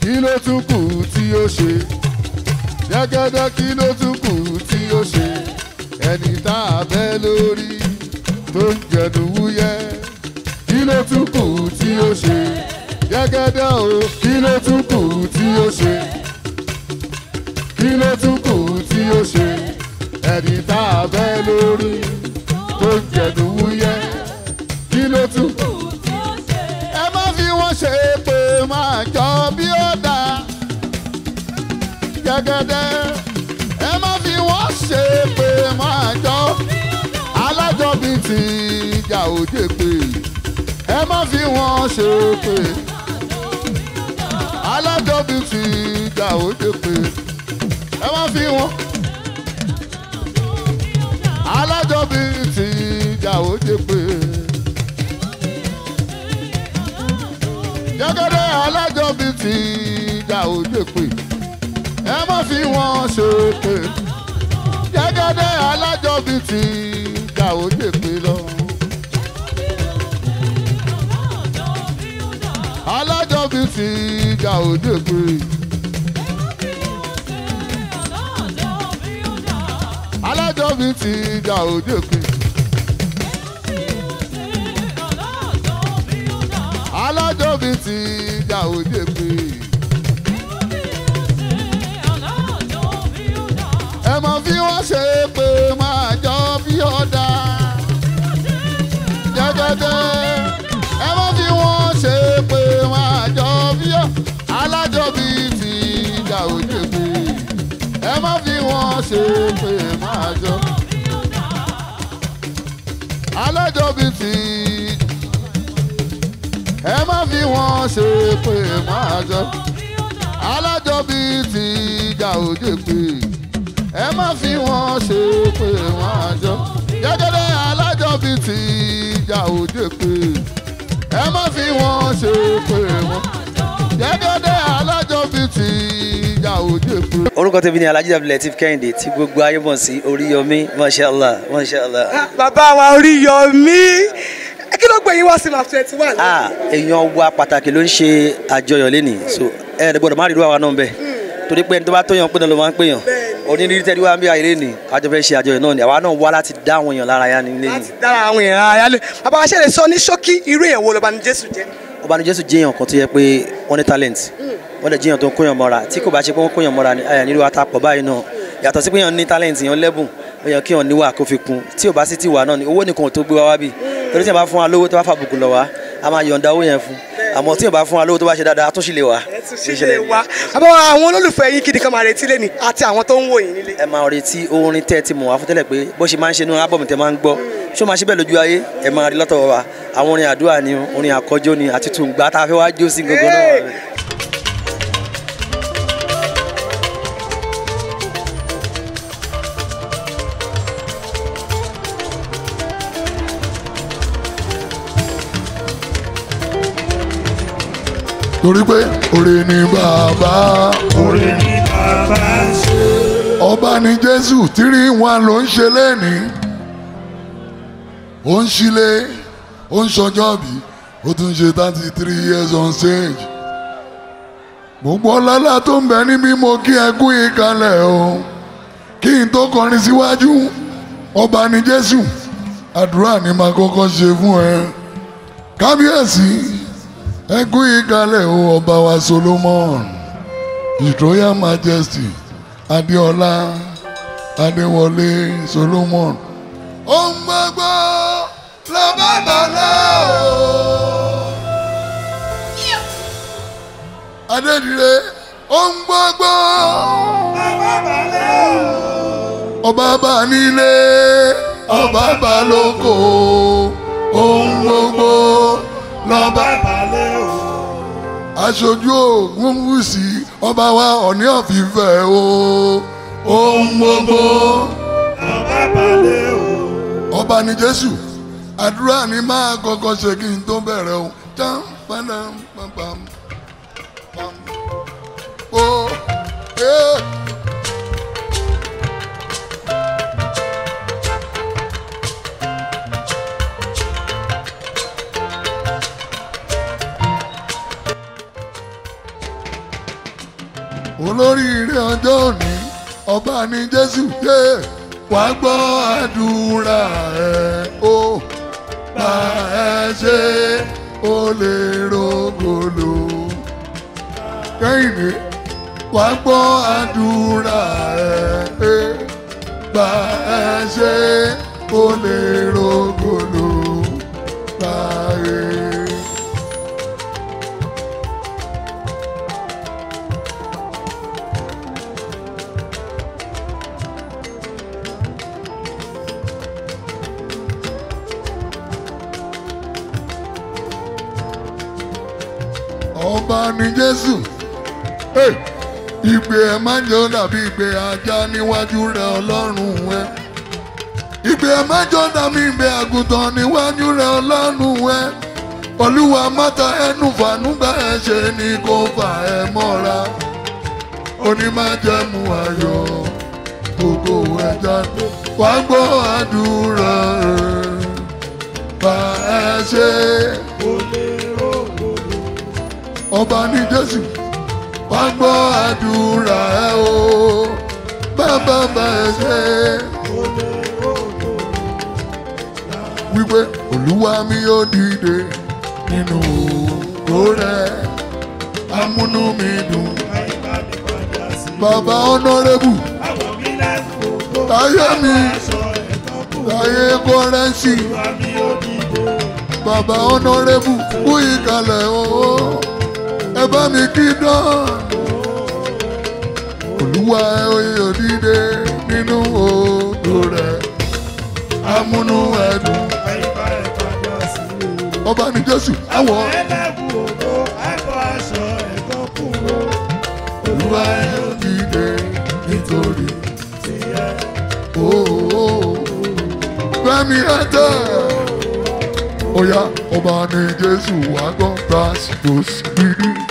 kí ló tún kù tí ó ṣe gẹ́gẹ́dẹ́ kí ló tún kù tí ó ṣe ẹni tá a bẹ́ lórí tó ń jẹnu wúyẹ́ kí ló tún kù tí ó ṣe Jẹ́gẹ́dẹ́ o kí ló tún kù tí ó ṣe kí ló tún kù tí ó ṣe ẹni tá a bẹ́ lórí tó ń jẹnu wúyẹ́ kí ló tún kù tí ó ṣe. ẹ má fi wọ́n ṣe pé máa jọ bí ó dáa Jẹ́gẹ́dẹ́ ṣe pé máa jọ́ alájọbí ti ìjà òde pé ẹ má fi wọn ṣe pé alájọbí ti ìjà òde pé ẹ má fi wọn alájọbí ti ìjà òde pé. jẹ́gẹ́dẹ́ alájọbí ti ìjà òde pé ẹ má fi wọn ṣe pé. Adé alájọbí ti gbà ó jèpè lọ. alájọbí ti gbà ó jèpè. alájọbí ti gbà ó jèpè. alájọbí ti gbà ó jèpè. mọ bí wọ́n ṣe pé máa jọ bí ọ̀dà jẹ́jẹ́jẹ́ ẹ mọ bí wọ́n ṣe pé máa jọ bí ọ̀ alájọbí ti ìjà òjèbè ẹ mọ bí wọ́n ṣe pé máa jọ alájọbí ti ẹ mọ bí wọ́n ṣe pé máa jọ alájọbí ti ìjà òjèbè ẹ má fi wọn ṣe pé wọn àjọ jẹgẹdẹ alájọ bíi ti ìjà òde pé ẹ má fi wọn ṣe pé wọn jẹgẹdẹ alájọ bíi ti ìjà òde pé. orúkọ tèmi ni Alhaji Abdulateef Kẹ́hìndé tí gbogbo ayé mọ̀ sí Oríyọmí mashallah mashallah. Ah, bàbá wa Oríyọmí kí ló gbẹ̀yìn wá sí ma twenty one. Ah, èèyàn wa pàtàkì ló ń ṣe àjọyọ̀ lẹ́nìí so ẹ̀ẹ́dẹ́gbọ́dọ̀ má rí irú àwa náà bẹ́ẹ̀ hmm. torí pé ẹni tó bá tó yàn pé ló máa ń pè yàn. bẹ́ẹ̀ onídìrí tẹ́lẹ̀ wá ń bí ayẹlẹ́ ni àjọ fẹ́ ṣe àjọyọ̀ náà ni àwa náà wá láti dá àwọn èèyàn lára yá ni lẹ́yìn. láti dára àwọn èèyàn lára bàbá wa ṣe sọ ní ṣókí irú èèyàn wo lọ́ba Jésù jẹ́. ọba ni Jésù jẹ́yàn kan tó yẹ pé wọ́n ní talent hmm. wọ́n lè jẹ́yàn tó ń kóyàn mọ́ra tí kò bá ṣe pé wọ́n kóyàn mọ́ra àyà nílò àtàpọ̀ báyìí náà yàtọ̀ sí pé yàn ní talent yàn lẹ́bùn yàn kí yàn níwà kó fi kún tí ò bá sí ti wà náà ni owó nìkan tó gbé wá wá bì hmm. torí tí yàn bá fún wa lówó tó bá fàbùkù lọ wá a máa yọ̀ǹda owó yẹn fún àmọ́ tí yóò bá fún wa lówó tó bá ṣe dáadáa a lè wá. ẹ lè wá àbọ̀ àwọn olólùfẹ́ yín kìdí kan máa retí lẹ́nu àti àwọn tó ń wò yín nílé. ẹ máa retí orin tẹ́ ti mọ̀ wá fún tẹ́lẹ̀ pé bó ṣe máa ń ṣe nínú ábọ̀mù tẹ́ máa ń gbọ́ ṣó máa ṣe bẹ́ẹ̀ lójú ayé ẹ máa rí lọ́tọ̀ wa àwọn orin àdúrà ni orin àkọ́jọ́ ni àti tùǹgbà tá a fẹ́ wá jó sí gangan náà. torí pé oore ni bàbá. oore ni bàbá ṣe. ọba ni jésù tírí wọn ló ń ṣe lẹ́ni ó ń ṣílé ó ń ṣọjọ́ bí ó tún ṣe thirty three years on stage gbogbo ọlọ́lá tó ń bẹ níbí mo kí ẹ kú ìkàlẹ̀ o kí n tó kọrin síwájú ọba ni jésù àdúrà ni màá kọ́kọ́ ṣe fún ẹ kábíyèsí ẹ kú ìkàlẹ̀ o ọba wa Solomon his majesty Adéọlá Adéwọlé Solomon ó ń gbogbo lọ bá bàlá o. Adédire ó ń gbogbo lọ bá bàlá o. ọba bá nílé ọba bá lóko ohun gbogbo lọ aṣojú òògùn wùsì ọba wa ọ̀ní ọ̀fìfẹ́ o. ohun gbogbo ọba balẹ̀ o. ọba ni jésù àdúrà ni máa kọ́kọ́ ṣe kí n tó bẹ̀rẹ̀ o. tán padà. olóríire ọjọ́ òní ọba ní jésù yé wá gbọ́ àdúrà ẹ ó bá ẹ ṣe ó lè rògbòlò kẹ́hìndé wá gbọ́ àdúrà ẹ bá ẹ ṣe ó lè rògbòlò. mi Jésù ìgbé ẹ má jẹ́ ó dàbí ìgbé ajá níwájú rẹ Ọlọ́run ẹ ìgbé ẹ má jẹ́ ó dàbí ìgbé àgùntàn níwájú rẹ Ọlọ́run ẹ Olúwa mọ́ta ẹnu fànúgbà ẹ ṣe ni kò fà ẹ mọ́ra onímájẹ̀mú ayọ̀ gbogbo ẹja wàá gbọ́ àdúrà rẹ̀ bá ẹ ṣe ọba ní jésù wá gbọ́ àdúrà ẹ o bàbá máa ṣe. wípé olúwa mi yóò dìde nínú ògo rẹ amúnú mi dùn. bàbá ọ̀nàrẹ́bù táyé mi táyé kọ́rẹ́ńsì bàbá ọ̀nàrẹ́bù kú ìkàlẹ̀ o ẹ bá mi kí dán. olúwa oyè òdìdé nínú odò rẹ̀ amúnú ẹ̀dùn. ọba ni jésù awọ. olúwa ẹ̀ òdìdé nítorí tiẹ̀. fẹ́mi ẹ̀ tẹ̀ ó ọba ní jésù wá gbọ́ brass rose gbìdì.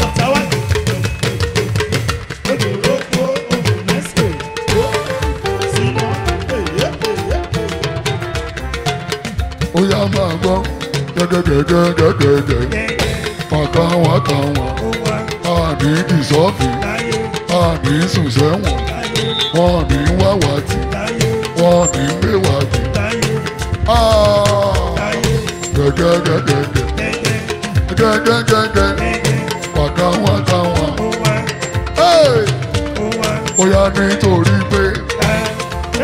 bàtà wọn tà wọn àní ìsọ́fìn àní sùnsẹ́wọ̀n wọn ní wáwàtì wọn ní gbéwàtì. gẹ́gẹ́gẹ́gẹ́ bàtà wọn tà wọn. ó yá nítorí pé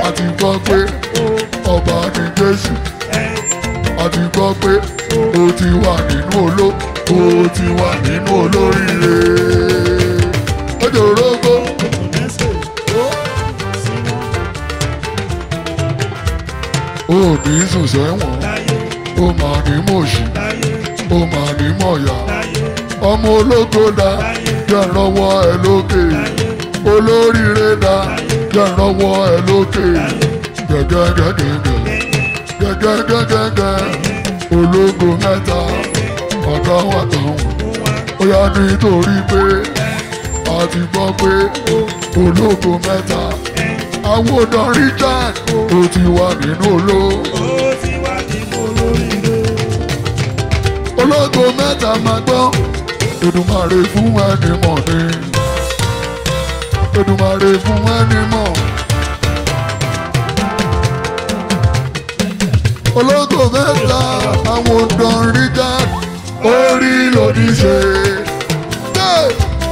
a ti gbọ́ pé ọba ni Jésù ti gbọ́ pé o ti wà nínú oló o ti wà nínú olóríire. Ojo rogo. O ní sùn sẹ́wọ̀n, o máa ní mòṣì, o máa ní mọ̀yà. Ọmọ ológo dá, jẹ́ ẹ lókè. Olóríire dá, jẹ́ ẹ lókè. gẹ́gẹ́ gẹ́gẹ́ gẹ́gẹ́gẹ́gẹ́ ológo mẹ́ta ọ̀gá wa tọ̀hún ó yá nítorí pé a ti gbọ́ pé ológo mẹ́ta àwọn ọ̀dọ́ Richard ó ti wà nínú oló. ológo mẹ́ta máa gbọ́ Èdùmàrè fún ẹni mọ̀ ni Edumare fún ẹni mọ̀ ni. ológo mẹ́ta àwọn ọ̀dàn rígà orí lòdì ṣe.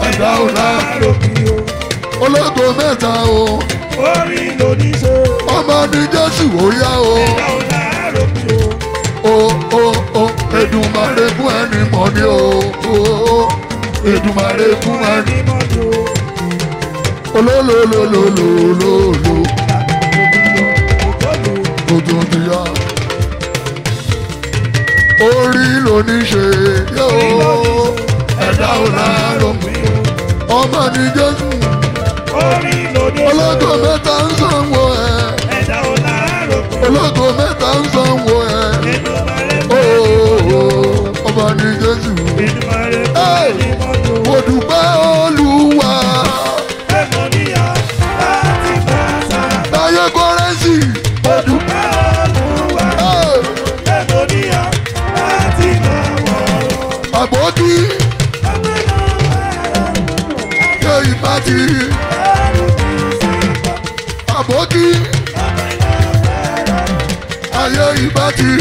ẹ̀dá ọ̀la lòdì o. ológo mẹ́ta o. orí lòdì ṣe. ọmọ ní jésù ó yá o. ẹ̀dá ọ̀la lòdì o. o o o Èdùmàrè fún ẹni mọ̀ ni o. o o Èdùmàrè fún ẹni mọ̀ ni o. olólòlòlòlòlò. Ojo ti ya orí lóníṣe yóò ẹ̀dá ọ̀la lómi ọmọ ni jésù orí lóníṣe ológo mẹ́ta ń sanwó ẹ̀ ẹ̀dá ọ̀la lómi ológo mẹ́ta. àbókí àbókí ayé ìbátí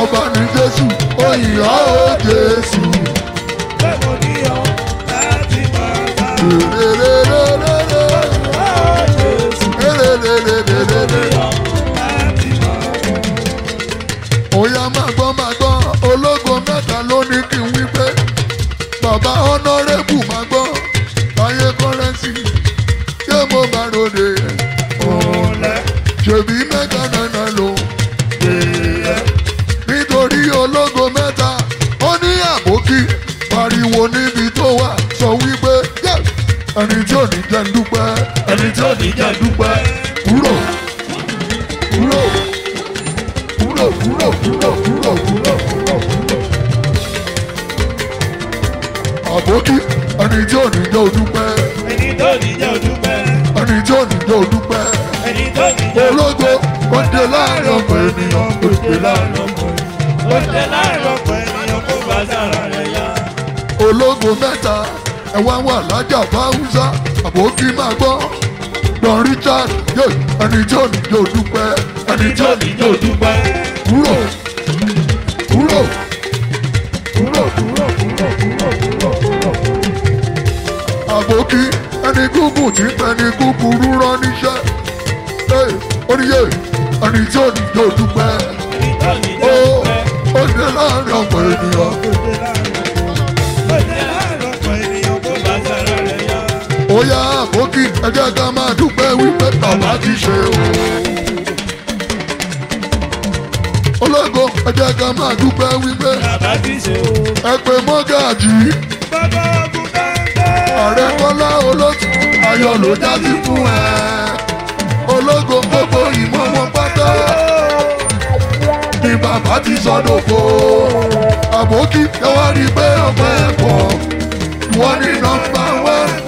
ọba ní Jésù òyìnbó òde. ẹ̀wá wà lájà fáwùsá àbókí máa gbọ́ Don Richard yóò ẹni tí ò ní yóò dúpẹ́ ẹni tí ò ní yóò dúpẹ́ kúrò kúrò kúrò kúrò kúrò kúrò kúrò kúrò. àbókí ẹni gúgùn tí ẹni kúkúrú rán níṣẹ́ oníyè ẹni tí ò ní yóò dúpẹ́ ó oh, ó dé láàrin ọ̀pọ̀ ènìyàn. ó yá àkókì ẹ jẹ́ ká máa dúpẹ́ wípé bàbá ti ṣe o. ológo ẹ jẹ́ ká máa dúpẹ́ wípé bàbá ti ṣe o. ẹ pè mọ́gàjì. bàbá ogun dáńdé. ọ̀rẹ́ kọ́lá olótú ayọ̀ ló dájú fún ẹ. ológo gbogbo ìmọ̀ wọn pátá ni bàbá ti sọdọ̀ fò. àbókí ẹ wá rí i pé ọmọ ẹ̀ pọ̀ wọ́n ní nọ́mbà wẹ́ẹ̀.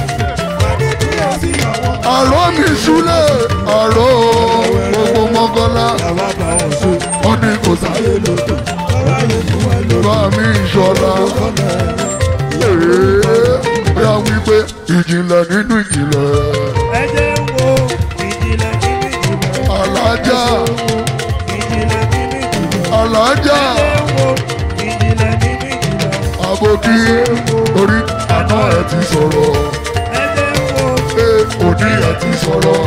àrò mi súlẹ̀ àrò gbogbo mọ́gọ́lá ó ní kò sáyé lòdì bá mi ìṣọ́ra èèyàn bí a wí pé ìjìnlẹ̀ nínú ìjìnlẹ̀. ẹ jẹ́ wo ìjìnlẹ̀ nínú ìjìnlẹ̀. alájà ìjìnlẹ̀ nínú ìjìnlẹ̀. alájà ìjìnlẹ̀ nínú ìjìnlẹ̀. àbòkí orí àná ẹ ti sọ̀rọ̀ òdì ẹ̀ ti sọ̀rọ̀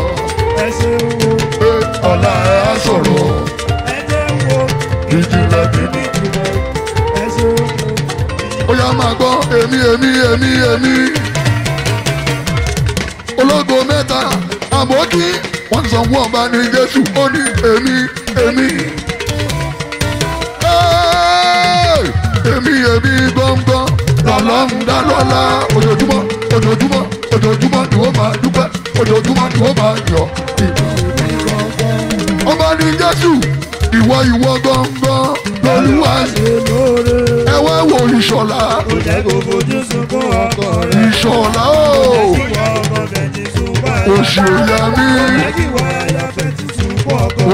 ọ̀la ẹ̀ á sọ̀rọ̀ ìjìnlẹ̀ bíbí. ó yá máa gbọ́ èmi èmi èmi èmi ológo mẹ́ta àmókí wọ́n sọ wọ́n bá ní Jésù ó ní èmi èmi èmi èmi gbọ́ngbọ́n lọ́lọ́ ń dá lọ́la ojoojúmọ́ ojoojúmọ́ ojoojúmọ́ ni ó máa dúpọ̀ ojoojúmọ́ ni wọ́n máa yọ ìwọ ìwọ gbọ́n. ọba ní jésù ìwọ ìwọ gbọ̀ngàn lọ́lúwa ẹ wá wo ìṣọ̀lá. kò jẹ́ kó fojú sunkún ọkọ rẹ. ìṣọ̀lá o. oṣù òyà mi.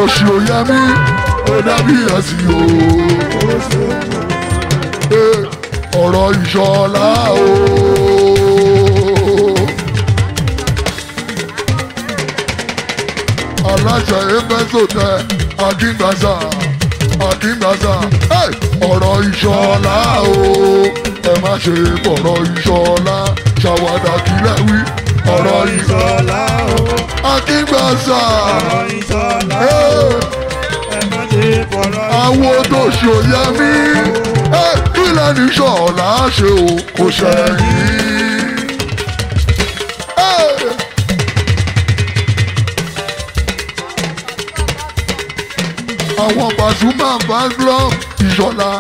oṣù òyà mi. ó dàbí ẹ̀sìn o. ọ̀rọ̀ ìṣọ̀lá o. aláṣẹ Evans Hotel akíngbàsá akíngbàsá ọ̀rọ̀ ìṣọ̀lá o ẹ má ṣe fọ̀rọ̀ ìṣọ̀lá ṣàwádà kílẹ̀ wí ọ̀rọ̀ ìṣọ̀lá o akíngbàsá ọ̀rọ̀ o ẹ má ṣe fọ̀rọ̀ ìṣọ̀lá àwọn tó ṣòyẹ mí kílẹ̀ ní ṣọ̀lá ṣe o kò ṣẹ̀yìn. àwọn Pasuma Vanguard ìṣọ̀lá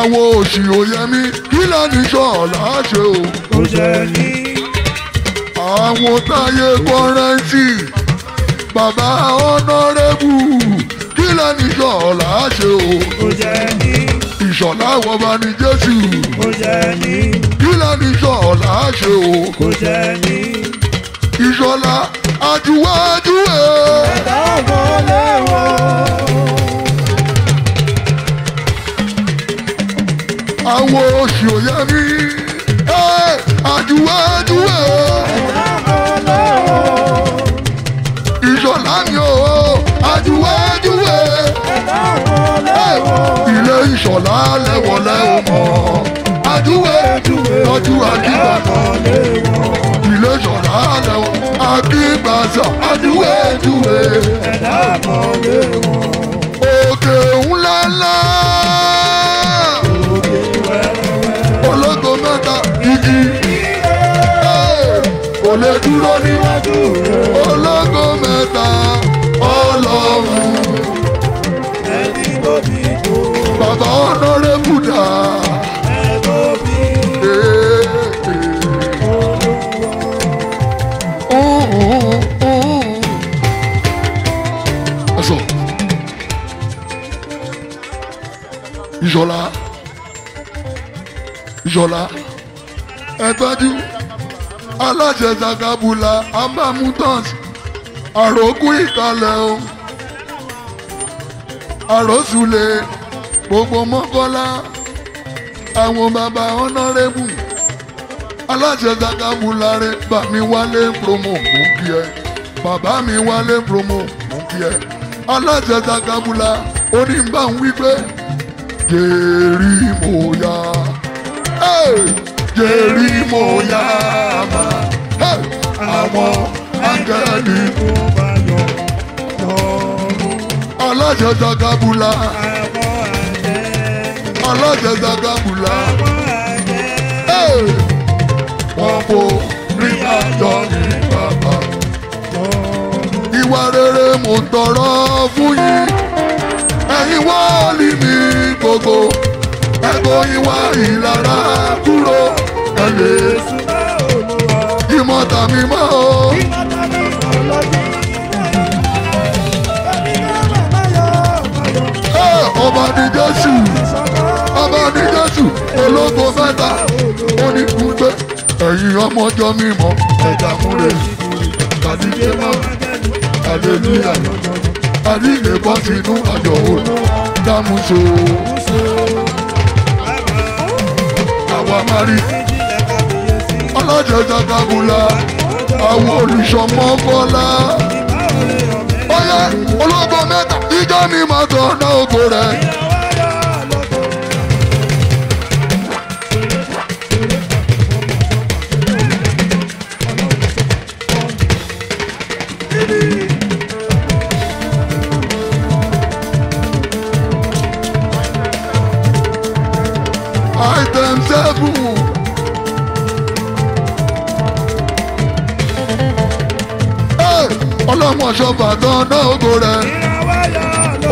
àwọn òṣì òyẹmí kílẹ̀ níṣọ̀lá ṣe o. ó ṣe ní. àwọn táyé kọ́rẹ́ǹtì bàbá ọ̀nàrẹ́bù kílẹ̀ níṣọ̀lá ṣe o. ó ṣe ní. ìṣọ̀lá wọba ni Jésù. ó ṣe ní. kílẹ̀ níṣọ̀lá ṣe o. ó ṣe ní. ìṣọ̀lá àjùwájú e. ẹ̀. ẹ̀dá ọ̀gbọ́n lẹ́wọ̀n. àwo oṣù òye mi àdúwẹ́ àdúwẹ́ o ìṣọ̀lá mi o àdúwẹ́ àdúwẹ́ ilé ìṣọ̀lá lẹ́wọ̀ lẹ́wọ̀ mọ́ àdúwẹ́ tọ́jú àdìbàtà ilé ìṣọ̀lá lẹ́wọ̀ àdìbàtà àdúwẹ́ àdúwẹ́ òkè o. kò lè dúró níwájú ológo mẹ́ta ọlọ́run. ẹni mo bí kú. bàbá ọ̀nọ́rẹ́ bùdà. ẹ mo bí kú. Jola, Jola, ẹ gbájú alájẹsàkàbùlà amamutans àròkù ìkàlẹ̀ o àròsùlẹ̀ gbogbo mọ́kọ́lá àwọn bàbá ọ̀nàrẹ́bù alájẹsàkàbùlàrẹ bàmí wálé promo mú kí ẹ bàbá mi wálé promo mú kí ẹ alájẹsàkàbùlà onígbà ń wí pé jèrè mọ́yà. Hey! Jerimóyàmá àwọn áńgẹ́lì mú bá lọ lọ́rùn. ọlọ́jọ́jọ́ gábùlà ọlọ́jọ́jọ́ gábùlà wọ́n kò rí àjọ ní bàbá. ìwà rere mo tọrọ fún yín ẹ̀yin wọ́ọ̀lì mi gbogbo ẹ̀gbọ́n ìwà ìlara kúrò. Jésù. Ìmọ̀ta mi mọ́ o. Ọba ni Jésù. Ọba ni Jésù. Ológo mẹ́ta. Ó ní kú pé ẹ̀yin ọmọ jọ mi mọ́. Ẹ̀dá múre. Àdìgbé mọ́. Àlelúyà. Àdìgbé bọ́ sínú àjọ òun. Àwa máa rí alájẹjà tabula àwọn olùṣọmọ bọlá. ọyẹ olóògbé mẹ́ta ìjọ ni màá tọ́ ọ̀dà ògo rẹ̀. ọmọ ṣọba tán náà ògo rẹ̀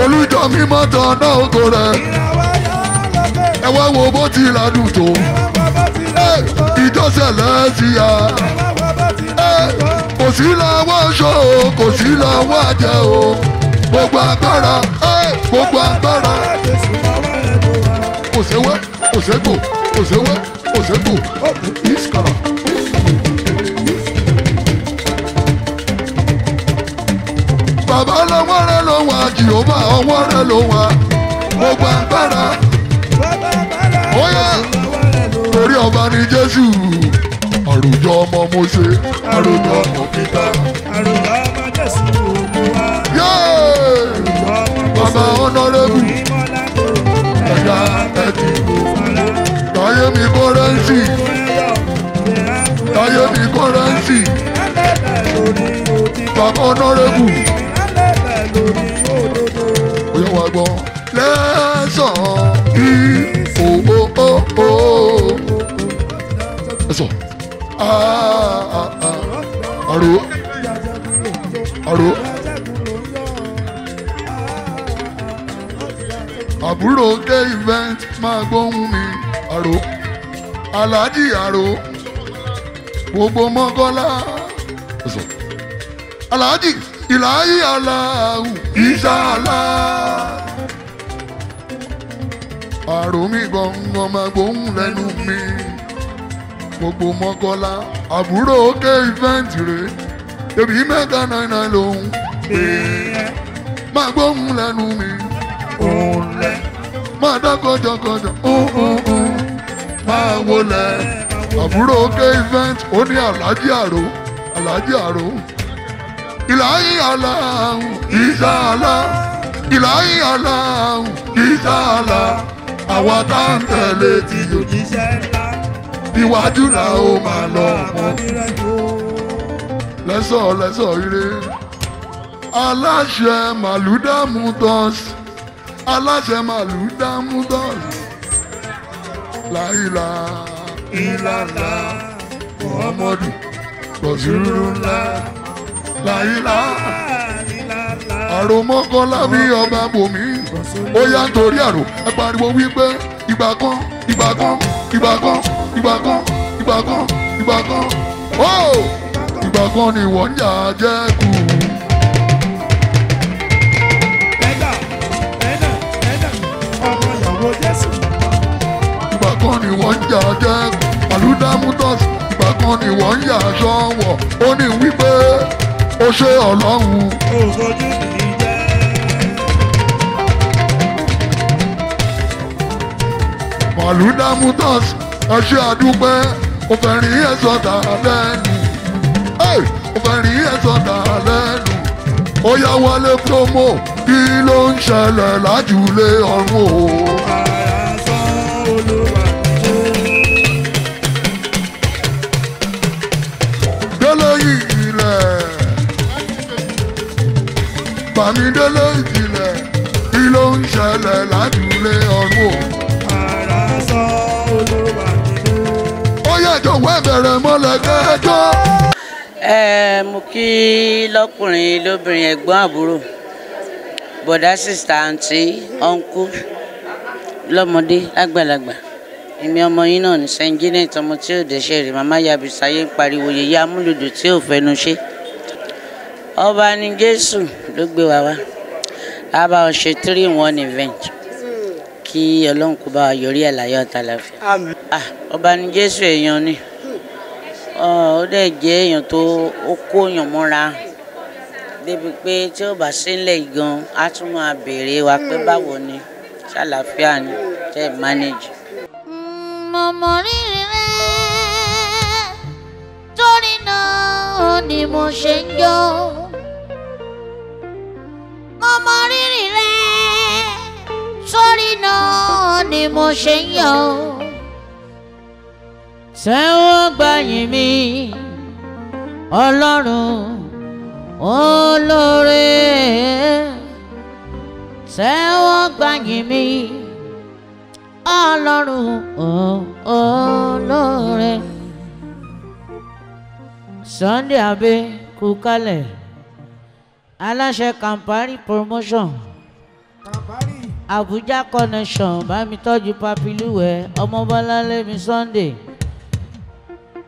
olùjọ mímọ́ tán náà ògo rẹ̀ ẹ wá wo bó ti ládùn tó ìjọsẹ̀ lẹ́sìá kò sí lọ́wọ́ ṣọ́ o kò sí lọ́wọ́ àjẹ́ o gbogbo agbára gbogbo agbára kò séwé kò ségbò kò séwé kò ségbò ọlọ́wọ́ rẹ ló wà jìhóbà ọwọ́ rẹ ló wà mo gba agbára ó yá torí ọba ni Jésù àròjọ ọmọ Mósè àròjọ ọmọ Pétà àròjọ ọmọ Jésù òkú wa bàbá ọ̀nàrẹ́bù ẹ̀dá ẹ̀dìbò táyé mi kọ́rẹ́ǹsì táyé mi kọ́rẹ́ǹsì bàbá ọ̀nàrẹ́bù lórí òdodo. bóyá wàá gbọ́ lẹ́sàn-án kí owó ó ó ẹ̀sọ̀ ah, ah, ah. àbúrò ké event máa gbóhùn mi àrò aláàjì àrò gbogbo mọ́kọ́lá aláàjì ilahi alahu ijala, àròmí gbọ̀ngàn máa gbóhùn lẹ́nu mi gbogbo mọ́kọ́lá àbúrò òkè ìfẹ́ǹtì rẹ̀ èbí mẹ́ta náírà lòún pè é máa gbóhùn lẹ́nu mi òun lẹ́ máa dá kọjọkọjọ òun máa wọlé àbúrò òkè ìfẹ́ǹtì ó ní aláàjì àrò aláàjì àrò ilahi Ọlọ́run ìjà ọlọ ilahi Ọlọ́run ìjà ọlọ àwa tá ń tẹ̀lé ti òjíṣẹ́ ńlá iwájú là ó máa lọ mọ́ lẹ́sọ̀ lẹ́sọ̀ rere aláṣẹ màlúdàmú tọ́sí aláṣẹ màlúdàmú tọ́sí láìla ìlàlá muhammadu kò sí rúrú ńlá làyílá àròmọ́kọ lábí ọba bòmí ó yá nítorí àrò ẹ pariwo wípé ìgbà kan ìgbà kan ìgbà kan ìgbà kan ìgbà kan ìgbà kan ó ìgbà kan ni ìwọ ń yà jẹ́ kù. ìgbà kan ni wọ́n ń yà jẹ́ àlùdámútọ́sì ìgbà kan ni wọ́n ń yà sọ́wọ́ ó ní wípé ó ṣe ọlọ́run. òfojú mi jẹ́. mutas ẹ ṣe àdúpẹ́ obìnrin yẹn sọ̀tà lẹ́nu obìnrin yẹn sọ̀tà lẹ́nu ó yá wálé promo kí ló ń ṣẹlẹ̀ lájúlé ọ̀run o. Bámidélé ìjìnlẹ̀ kí ló ń ṣẹlẹ̀ ládùúlé ọ̀run o. ara sọ olúwa nínú. ó yẹ jọ̀wọ́ ẹ̀bẹ̀rẹ̀ mọ́lẹ̀ kẹjọ. ẹ mo kí lọkùnrin lóbìnrin ẹ̀gbọ́n àbúrò bọ̀dá sista àǹtí ọ̀nkú lọ́mọdé lágbàlagbà èmi ọmọ yín náà ní sẹ́ńjínà ìtọ́mọ tí ò dẹ́ṣẹ̀ rẹ̀ màmá yabisa yé ń pariwo yẹ̀yẹ́ amúlùdù tí ò fẹnu ṣe ọba ni jésù ló gbé wa wá a bá wọn ṣe three in one event kí ọlọ́run kó bá wa yọrí ẹ̀ láyọ̀ ọ̀tá láfíà. Ah, ọba ni jésù èèyàn ni ah, ó dẹ̀ jẹ́ èèyàn tó ó kó èèyàn mọ́ra débi pé tí ó bá sílẹ̀ gan á tún máa béèrè wa pé hmm. báwo ni ṣàlàáfíà ni tẹ́ hmm. ẹ̀ manage. Hmm, mo mọ rírì rẹ torí náà ni mo ṣe ń jó mọ rírì rẹ sórí náà ni mo ṣe ń yọ̀ sẹ́wọ́n gbàyìn mi ọlọ́run olóore sẹ́wọ́n gbàyìn mi ọlọ́run olóore Sunday Abe kú kálẹ̀ aláṣẹ Kampari promotion Abuja connection bámi tọ́jú papiluwẹ̀ ọmọbọ́láńlé mi Sunday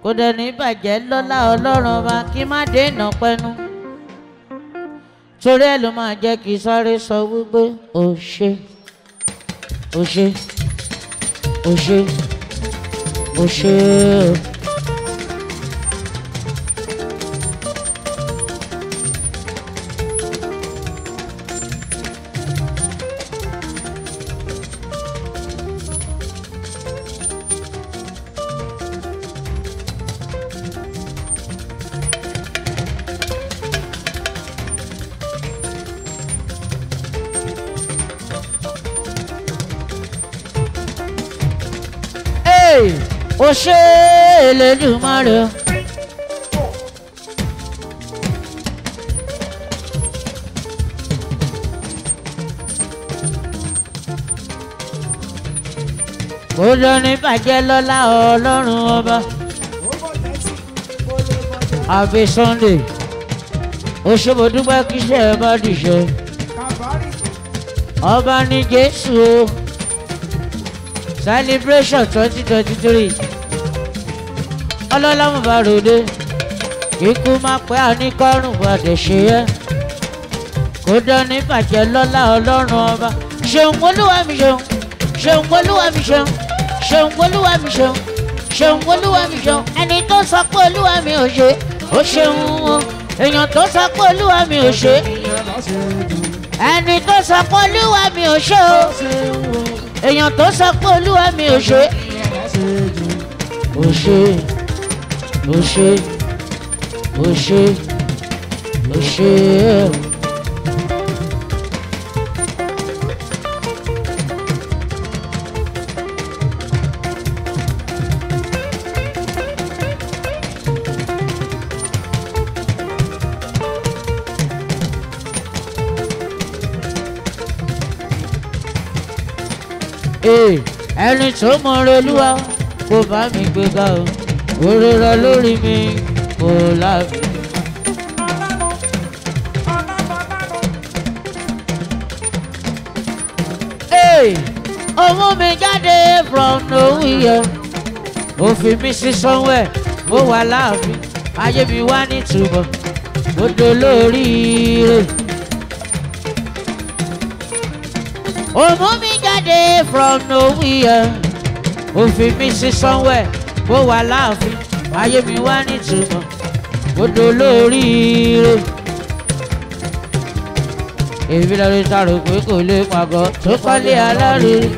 kò dẹ̀ ní bàjẹ́ lọ́lá ọlọ́run ọba kí má dènà pẹ́nu torí ẹ̀ ló máa jẹ́ kí sáré sọ wípé ó ṣe ó ṣe ó ṣe ó ṣe Elédùmarè. kò lọ ní bàjẹ́ lọ́lá ọlọ́run ọba àbí Sunday òṣèbò dúpẹ́ kíṣẹ́ bá dìṣe ọba ní Jésù o celebration twenty twenty three ọlọ́lọ́mù bá ròde kíkú má pẹ́ àníkọ́rùn bọ̀dẹ̀ ṣe ẹ́ kó dán ní bàjẹ́ lọ́lá ọlọ́run ọba ṣeun olúwa mi ṣeun ṣeun olúwa mi ṣeun ṣeun olúwa mi ṣeun ṣeun olúwa mi ṣeun ẹni tó sọ pé olúwa mi ò ṣe ó ṣeun o èèyàn tó sọ pé olúwa mi ò ṣe ẹni tó sọ pé olúwa mi ò ṣe o èèyàn tó sọ pé olúwa mi ò ṣe ò ṣe o ṣé o ṣé o ṣé o. ẹni tó mọ relúwa kó bá mi gbéga o òrè rọ lórí mi kò láfi. ọmọ mi jáde from nowhere òfin mi sí somewhere mo wà láàfin ayé mi wá nítumọ̀ mo dolóríire. ọmọ mi jáde from nowhere òfin mi sí somewhere ó wà láàfin ayé mi wá nítumọ̀ odò lóríire. èmi lọ rí sáré pé kò lè pàgọ́ tó kọ́lé alárèrè.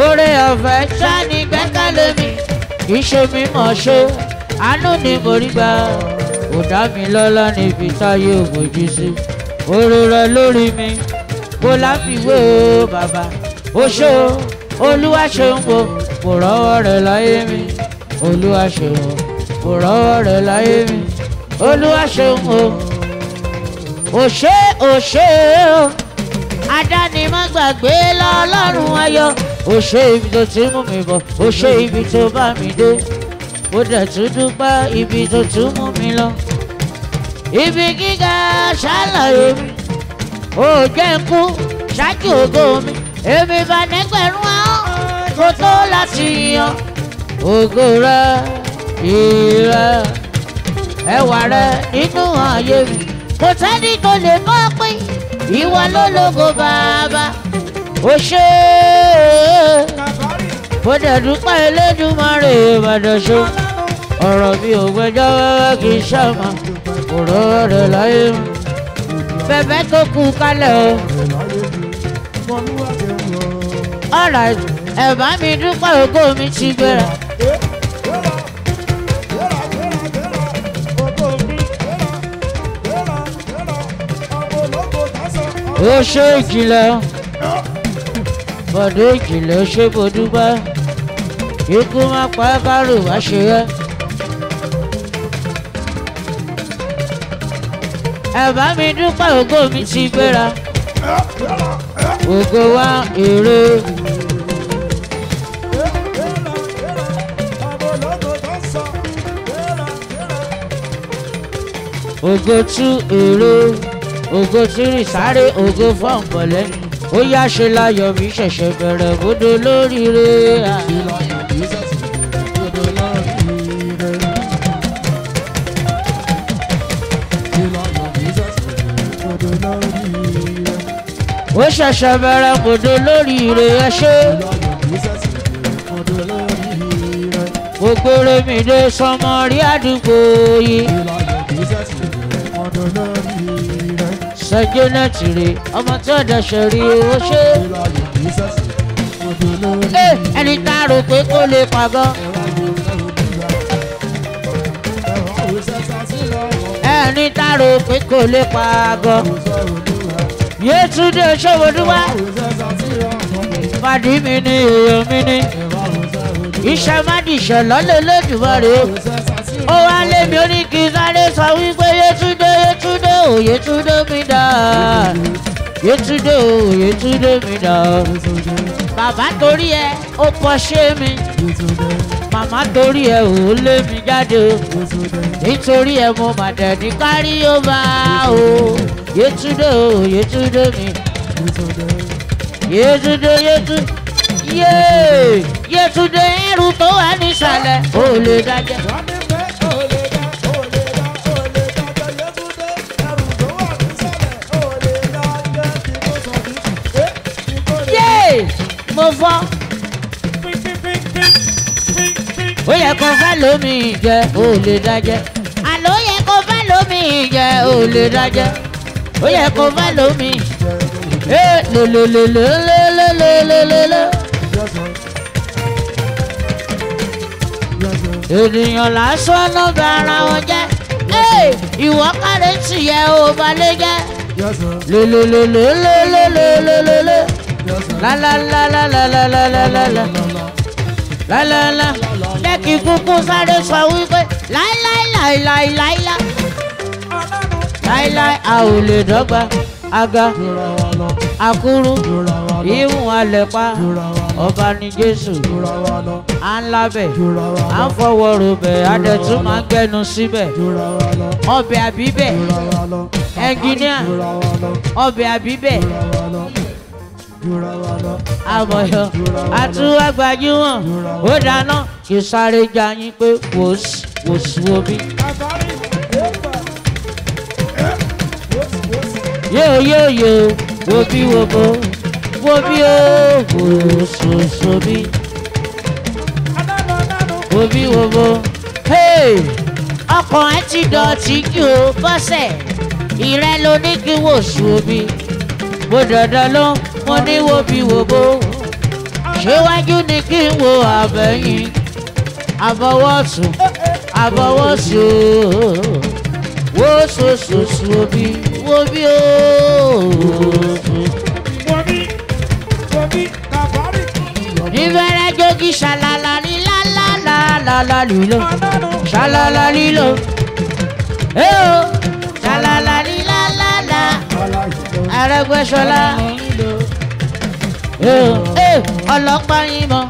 oore ọ̀fẹ́ sani gbẹ́kẹ̀lé mi kì í ṣe mí mọ̀ ṣe àánú ni mo rí gbà kò dá mi lọ́lá níbi táyé òbòjú sí. oore rẹ lórí mi kò láfiwé o bàbá o ṣó olúwa ṣeun o kò rọ́wọ́ rẹ̀ láyé mi olúwa ṣeun kò rọ́wọ́ rẹ̀ láyé mi olúwa ṣeun o ò ṣe ò ṣe o adánimọ̀gbàgbé lọ́lọ́run ayọ̀ ó ibi tó ti mú mi bọ̀ ó ibi tó bá mi dé ó dẹ̀ tún dúpẹ́ ibi tó tún mú mi lọ. ibi gíga ṣàlàyé mi ó jẹ́ ń kú ṣáájú ògo mi èmi bá nẹ́gbẹ̀rún kó tó láti yan ògo rẹ ìrẹ ẹwà rẹ nínú ayé mi kò sẹ́ni tó lè kọ́ pín ìwọ ló lógo bàbá ó ṣe é mo dẹ̀ dúpẹ́ Elédùmarè ọ̀rọ̀ mi ò gbẹjọ́ wẹ́wẹ́ kì í ṣàmà òró rẹ̀ láyé mi bẹ̀bẹ̀ tó kú kalẹ̀ o. All right ẹ bá mi dúpẹ́ ògo mi ti gbéra. ó ṣe ìjìnlẹ̀ bọ̀dọ̀ ìjìnlẹ̀ ó ṣe bó ikú má pa ẹ́ kárò wá ṣe ẹ́. ẹ mi dúpẹ́ ògo mi ti gbéra ògo wa èrè. ògo tú èrè ògo tírì sáré ògo fọ́ọ̀n pẹ̀lẹ́ ó yá ṣe láyọ̀ mi ṣẹ̀ṣẹ̀ bẹ̀rẹ̀ bódò lóríire. ó ṣẹ̀ṣẹ̀ bẹ̀rẹ̀ bódò lóríire ẹ ṣe. gbogbo mi dé sọmọ rí àdúgbò yìí lórí rẹ̀. Sakinat rè ọmọ tí ọ̀dà ṣẹ̀rí ó ṣe. ẹni tá a rò pé kó lè pàgọ́. ẹni tá a rò pé kó lè pàgọ́. Yétúndé Ṣòwòdúwá. Fàdí mi ni èèyàn mi ni. Iṣẹ́ má dìṣẹ̀ lọ́lẹ̀ lójúmọ́ rè é. Ó wá lé mi ó ní kí n sáré sọ wípé. Yétúndé mi dà Yétúndé o Yétúndé mi dà bàbá torí ẹ ó kọ́ṣẹ́ mi màmá torí ẹ ò lé mi jáde o nítorí ẹ mo mà dẹ̀ ní kárí ó máa o Yétúndé o Yétúndé mi Yétúndé Yétúndé yéé Yétúndé ẹrù tó wà nísàlẹ̀ ó lè dájẹ́. fọ́. ó yẹ kó fẹ́ lómi ìjẹ ó lè dájẹ́. àló yẹ kó fẹ́ lómi ìjẹ ó lè dájẹ́. ó yẹ kó fẹ́ lómi ìjẹ ó lè lòlòlòlòlòlòlòlò. ènìyàn lásán ló bẹ ara wọn jẹ́ ìwọ kárẹ́tì yẹ ó balẹ̀ jẹ́ lòlòlòlòlòlòlò la la la la la la la la la la la la la la la. kí kúkú sáré sọ La la la la la. La la lè dọ́gba aga akúrú ìhùn alẹ́pá ọba ni jésù à ń labẹ̀ à ń fọwọ́ robẹ̀ adẹ̀tún máa ń gbẹnu síbẹ̀ ọbẹ̀ àbíbẹ̀ ẹnginíà ọbẹ̀ àbíbẹ̀ àmọ̀yọ̀ àtúwà gbajúmọ̀ ó dáná kì í sáré já yín pé wòsí wòsí omi. yóò yóò yóò wo bí wo bo wo bí o wòsòsò mi. wo bí wo bo ọkọ̀ ẹ ti dọ̀tí kí o bọ́sẹ̀ ìrẹ́ ló ní kí wòsù omi bó dandan ló ń ọmọdé wo bí wo bó ṣéwájú ni kí n wo àbẹ̀yìn àbọ̀wọ̀sùn àbọ̀wọ̀sùn wo sòsòsò obi wo bí ooo. ìbẹ̀rẹ̀ jogi ṣàlàlà ní lálálálálá lílo ṣàlàlà lílo ẹ̀ẹ́o ṣàlàlà ní lálálá Arẹ́gbẹ́ṣọlá. E, ọlọ́pàá yín mọ́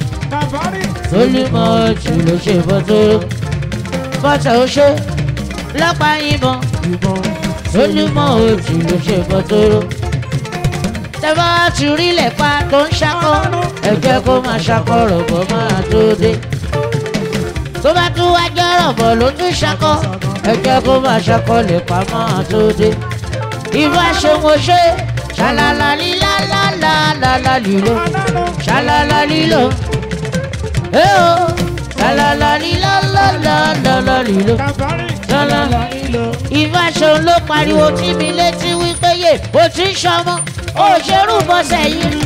sólímọ̀ jù ló ṣe bọ́tò bọ́tà ó ṣe lọ́pàá yín mọ́ sólímọ̀ jù ló ṣe bọ́tò tẹ́fà ti rí lẹ́pa tó ń ṣakọ́ ẹ̀jẹ̀ kó máa ṣakọ́ rọ̀bọ̀ máa tó dé tó bá tún wá jẹ́ rọ̀bọ̀ ló tún ṣakọ́ ẹ̀jẹ̀ kó máa ṣakọ́ lẹ́pa máa tó dé ìbáṣe mo ṣe ṣàlàlà lílẹ̀. Shalala lilo, shalala lilo, eh oh. Shalala lilo, shalala lilo, shalala lilo. Ìfàṣọ ló pariwo tí mi létí wípé yé o ti ń ṣọmọ, o ṣerú bọ́sẹ̀ yìí.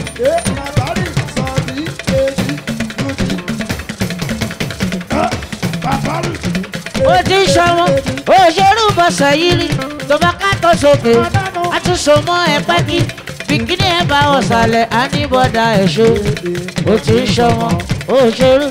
ó ti ń ṣọmọ ó ṣerú bọ́sẹ̀ yìí rí tó bá ká tó sókè á tún so mọ́ bikini ẹ bá wọ sàlẹ̀ á ní bọ́dà èso ó ti ń ṣọmọ ó ṣerú.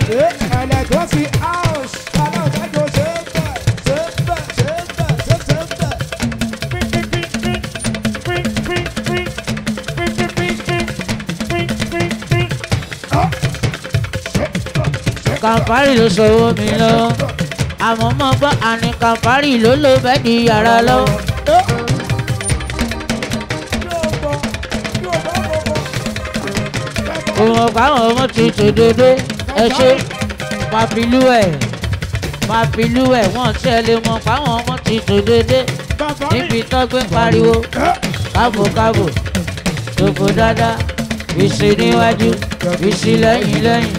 kàfárì ló sọ owó mi lọ àmọ́ mọ́ gbọ́ àní kàfárì ló lò bẹ́ẹ̀ di yàrá lọ́wọ́. ìmọ̀ káwọn ọmọ ti tòdodo ẹ ṣe máa fi lú ẹ̀ máa fi lú ẹ̀ wọ́n ṣe é lè mọ̀ káwọn ọmọ ti tòdodo níbi tọ́gbẹ́ pariwo káàbò káàbò tòkò dáadáa ìsì níwájú ìsì lẹ́yìn lẹ́yìn.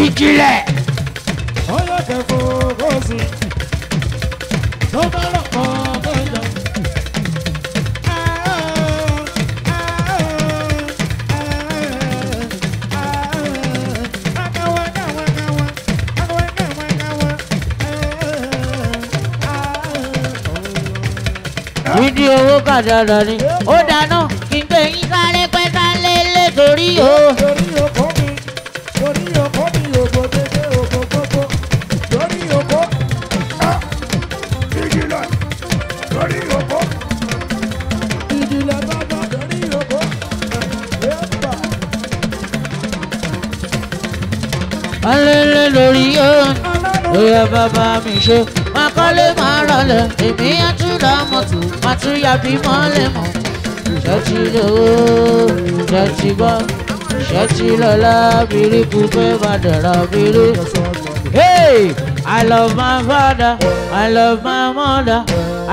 ìjìnlẹ̀. ọlọ́kẹ́ fò ó sì tó bá lọ́kọ̀ọ́. dandan ni ó dáná kí n gbé yín sáré pẹ́ sálé lé torí o. torí okó mi torí okó mi ògbó tètè ògbó gbogbo torí okó á ìdílé torí okó ìdílé bàbá torí okó yẹ́pà. alẹ́ lórí o ó yẹ bàbá mi ṣe kọ́lé máa rọlẹ̀ èmi á tún ra mọ́tò má tún yàbí mọ́lẹ̀ mọ́. ṣọ́ọ̀tì lówó ṣọ́ọ̀tì gbọ́ ṣọ́ọ̀tì lọ́lá bírí kúpẹ́ má dọ̀rọ̀ bírí. Hey! I love my father, I love my mother.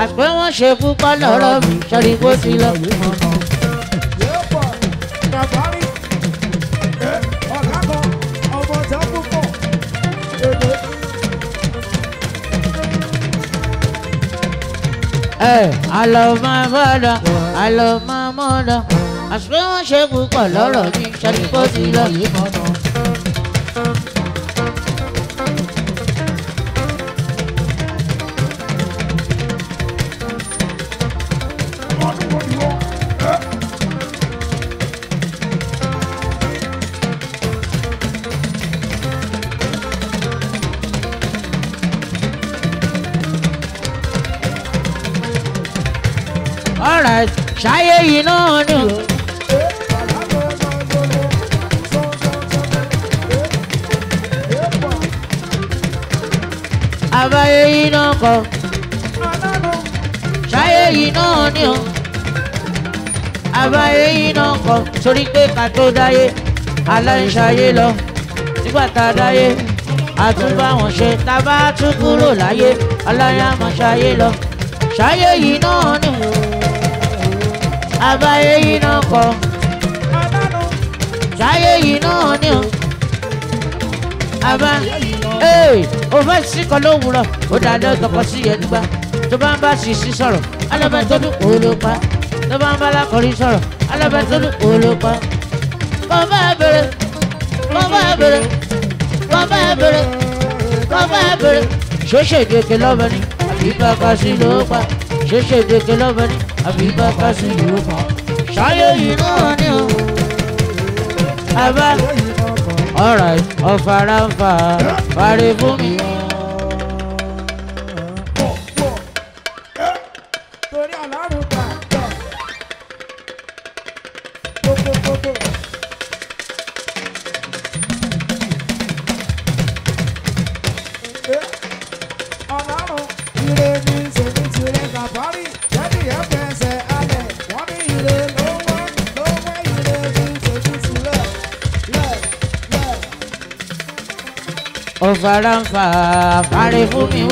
Àpẹ́ wọ́n ṣe púpọ̀ lọ́rọ̀ mi, ṣọ́ọ̀rì kó ti lọ. I love my father, I love my mother. Àṣùwọ̀n ṣe púpọ̀ lọ́rọ̀ mi, ṣàdúgbò sí lọ́yìn mọ́nà. ọkọ. ṣáyé yìí náà ni o àbáyé yìí náà kọ torí pé ká tó dáyé aláìṣayé lọ nígbà tá a dáyé àtúbáwọn ṣe tá a bá tún kúrò láyé aláyàmọ̀ṣayé lọ ṣáyé yìí náà ni o àbáyé yìí náà kọ ṣáyé yìí náà ni o àbá. Hey o fẹ́ sí kan lówùrọ̀ ó dá lọ́dọ̀ kan sí ẹ̀dúgbà tó bá ń bá sì sí sọ̀rọ̀ alábẹ́ tó dùn kó ló pa tó bá ń bá lákọ̀rí sọ̀rọ̀ alábẹ́ tó dùn kó ló pa. kọ́ bá bèrè kọ́ bá bèrè lọ́bẹ̀ ni àbí bá a kà sí ló pa ṣóṣe ìdèkè lọ́bẹ̀ ni àbí bá a kà sí ló pa. ṣáyé yìí náà ni All right, ọ̀fàràǹfà parí fún mi. fara ń fa fàárẹ̀ fún mi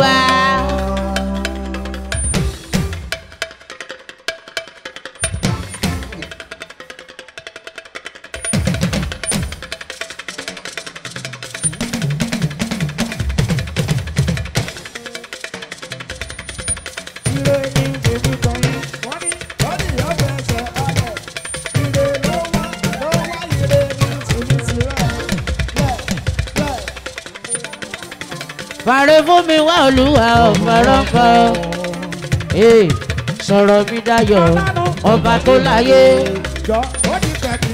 mi wá olúwa ọ̀fọ̀rọ̀kọ. sọ̀rọ̀ mi dayọ̀ ọba tó láyé. ó di pẹ̀kí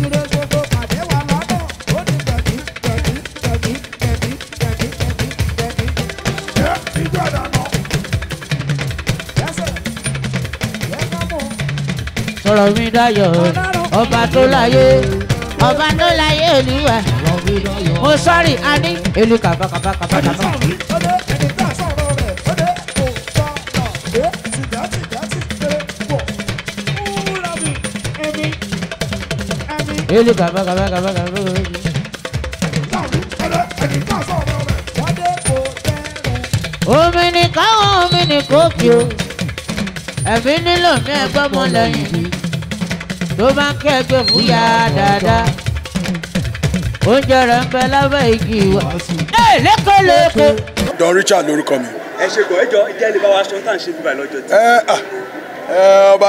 ire gbogbo pàdé sọ̀rọ̀ mi dayọ̀ ọba tó láyé ọba tó láyé olúwa mo sọ́rí a ní. elu kàbákàbákàbákàbá. ele kaba kaba kaba kaba kaba. omi ni káwọn omi ni kófì o ẹ̀mí nílò ní ẹgbẹ́ mọ́ lẹ́yìn mi tó bá ń kẹ́gbẹ́ fúyà dáadáa oúnjẹ rẹ̀ ń bẹ lábẹ́ igi wa. ẹ lẹ́kọ̀ọ́ lẹ́kọ̀ọ́. Don Richard lórúkọ mi. ẹ ṣe kọ ẹjọ ìjẹ́ lè bá wa aṣọ tá à ń ṣe bíbá lọ́jọ́ tí. ẹ ọba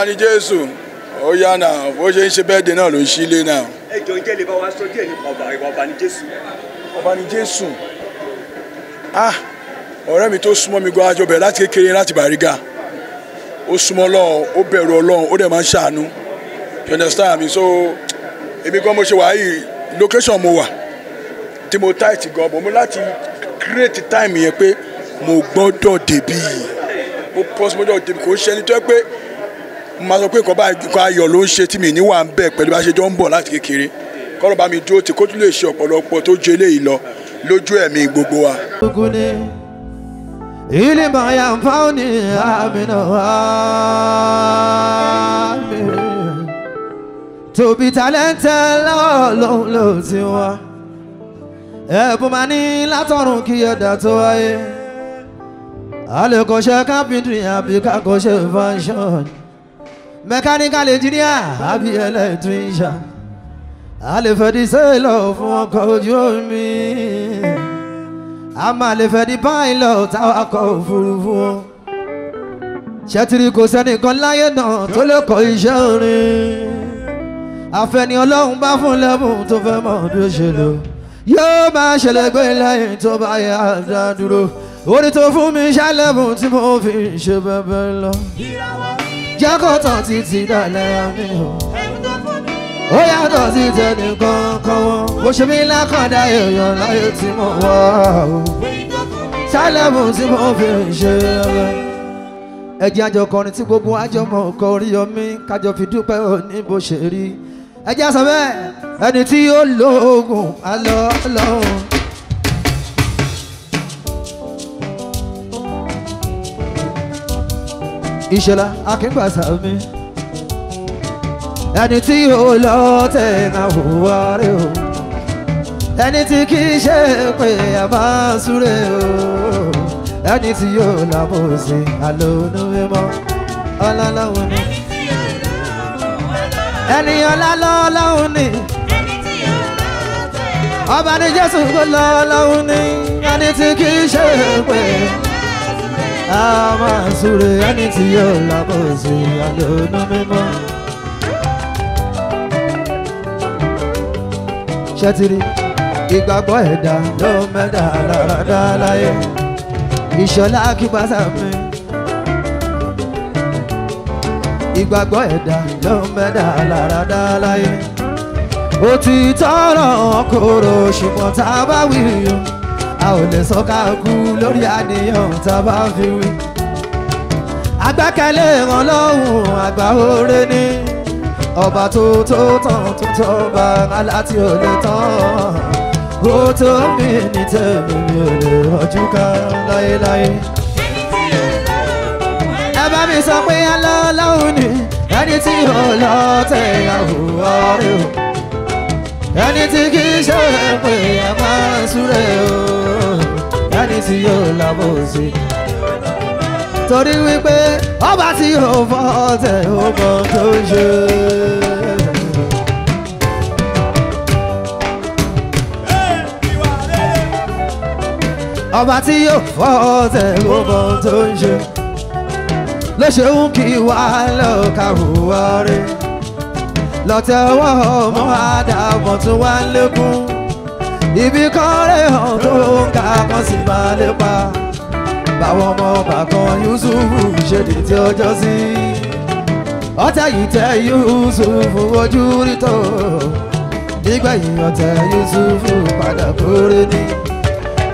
ó yá náà bó ṣe ń ṣe bẹ́ẹ̀ dé náà ló ń ṣílé náà. ẹ jọ ǹjẹ́ lè bá wa sọ díẹ̀ nípa ọba ìwà ọba ní jésù. ọba ní jésù ah ọ̀rẹ́ mi tó súnmọ́ mi gan-an àjọbẹ̀ láti kékeré láti Bàrígà ó súnmọ́ ọlọ́run ó bẹ̀rù ọlọ́run ó dẹ̀ máa ń ṣàánú you understand me so èmi gan mo ṣe wà yìí location mo wà tí mo tight gan bọ̀ mo láti create time yẹn pé mo gbọ́dọ̀ débí mo pause mo gbọ́dọ̀ débí kò ń ṣe ẹni tó yẹ pé mo máa sọ pé nǹkan báyìí nǹkan ayọ̀ ló ń ṣe tí mi ní wà ń bẹ̀ pẹ̀lú bá ṣe jọ ń bọ̀ láti kékeré kọ́lọ́ bá mi dúró tí kó tún lè ṣe ọ̀pọ̀lọpọ̀ tó ju eléyìí lọ lójú ẹ̀mí gbogbo wa. ilé máa yà ń fáwọn ní àmì náà to be talented lọ́wọ́ ló ti wá ẹ̀bùn máa ní látọ̀run kí ẹ̀dá tó wáyé a lè kọ́ṣẹ́ kápẹ́ntì àbí kọ́ṣẹ́ fashion mechanical engineer àbí electrician a lè fẹ́ di sailor fún ọkọ̀ ojú omi a máa lè fẹ́ di pilot awakọ̀ òfurufú ṣẹ́tìrì kò sẹ́nìkan láyé náà tó lè kọ́ iṣẹ́ orin àfẹ́ni ọlọ́run bá fún lẹ́bùn tó fẹ́ mọ̀ bí ó ṣe lò yóò máa ṣẹlẹ̀ gbé lẹ́yìn tó bá yẹ àdá dúró orí tó fún mi ṣàlẹ́bùn tí mo fi ṣe bẹ́ẹ̀ bẹ́ẹ̀ lọ jákòtò títí dọ̀lẹ́ mi o. ó yàtọ̀ sí tẹ̀lé kankan wọn. mo ṣe mí lákàndá èèyàn láyé tí mo wà o. sálẹ̀mù tí mo fi ń ṣe ẹ̀rọ. ẹ̀jẹ̀ àjọ kọrin tí gbogbo àjọ mọ̀ ọkọ̀ orí yọmí fi dúpẹ́ òní bó ṣe rí. ẹ̀jẹ̀ sọ bẹ́ẹ̀ ẹni tí ó lóògùn á lọ lọ́hùn. ìṣọlá akíngbàsá mi. ẹni tí ó lọ tẹ̀ náà wà rẹ̀ o ẹni tí kì í ṣe pé a máa súré o ẹni tí yóò lámú sí àlónú mímọ́ ọlọ́lọ́hún ni. ẹni ọlá lọ́lọ́hún ni. ọba ní Jésù kó lọ́lọ́hún ni ẹni tí kì í ṣe pé máa súre ẹni tí yóò lábọ̀ sí àlónú mímọ́. ṣẹ́tìrì ìgbàgbọ́ ẹ̀dá ló mẹ́ta láradá ye, ìṣọ̀lá kípasà mi. ìgbàgbọ́ ẹ̀dá ló mẹ́ta láradá láyé òtítọ́ ọ̀rọ̀ kòrò ṣùgbọ́n tá a bá a ò lè sọ ká kú lórí àníyàn tá a fi wí. agbẹ́kẹ̀lé ìrànlọ́hùn àgbà oore ni ọba tó tó tán tó tọ́ bá aláti ò lè tán ó tó mi ní tèmi mi ò lè rọjú ká láéláé. ẹ bá mi sọ pé alọ́ lọ́hùn ẹni tí ò lọ tẹ̀yàwó ọ̀rẹ́ o ẹni tí kì í ṣe pé ẹ máa súré o ẹni tí yóò lábò sí. torí wípé ọba tí yóò fọ́ ọ̀tẹ̀ ó mọ tó ṣe. ọba tí yóò fọ́ ọ̀tẹ̀ ó mọ tó ṣe. ló ń kí wàá lọ́ọ́ kàwé lọ́tẹ̀wọ́ ọmọ àdàbọ̀ tún wá lékún ibi kan rẹ̀ hàn tó ń ka kan sì máa lépa báwọn ọmọ bàkan Yusufu ṣèdè tí ọjọ́ sí ọ̀tẹ̀ yìí tẹ Yusufu ojú rí tó nígbẹ̀yìn ọ̀tẹ̀ Yusufu padà kórè ní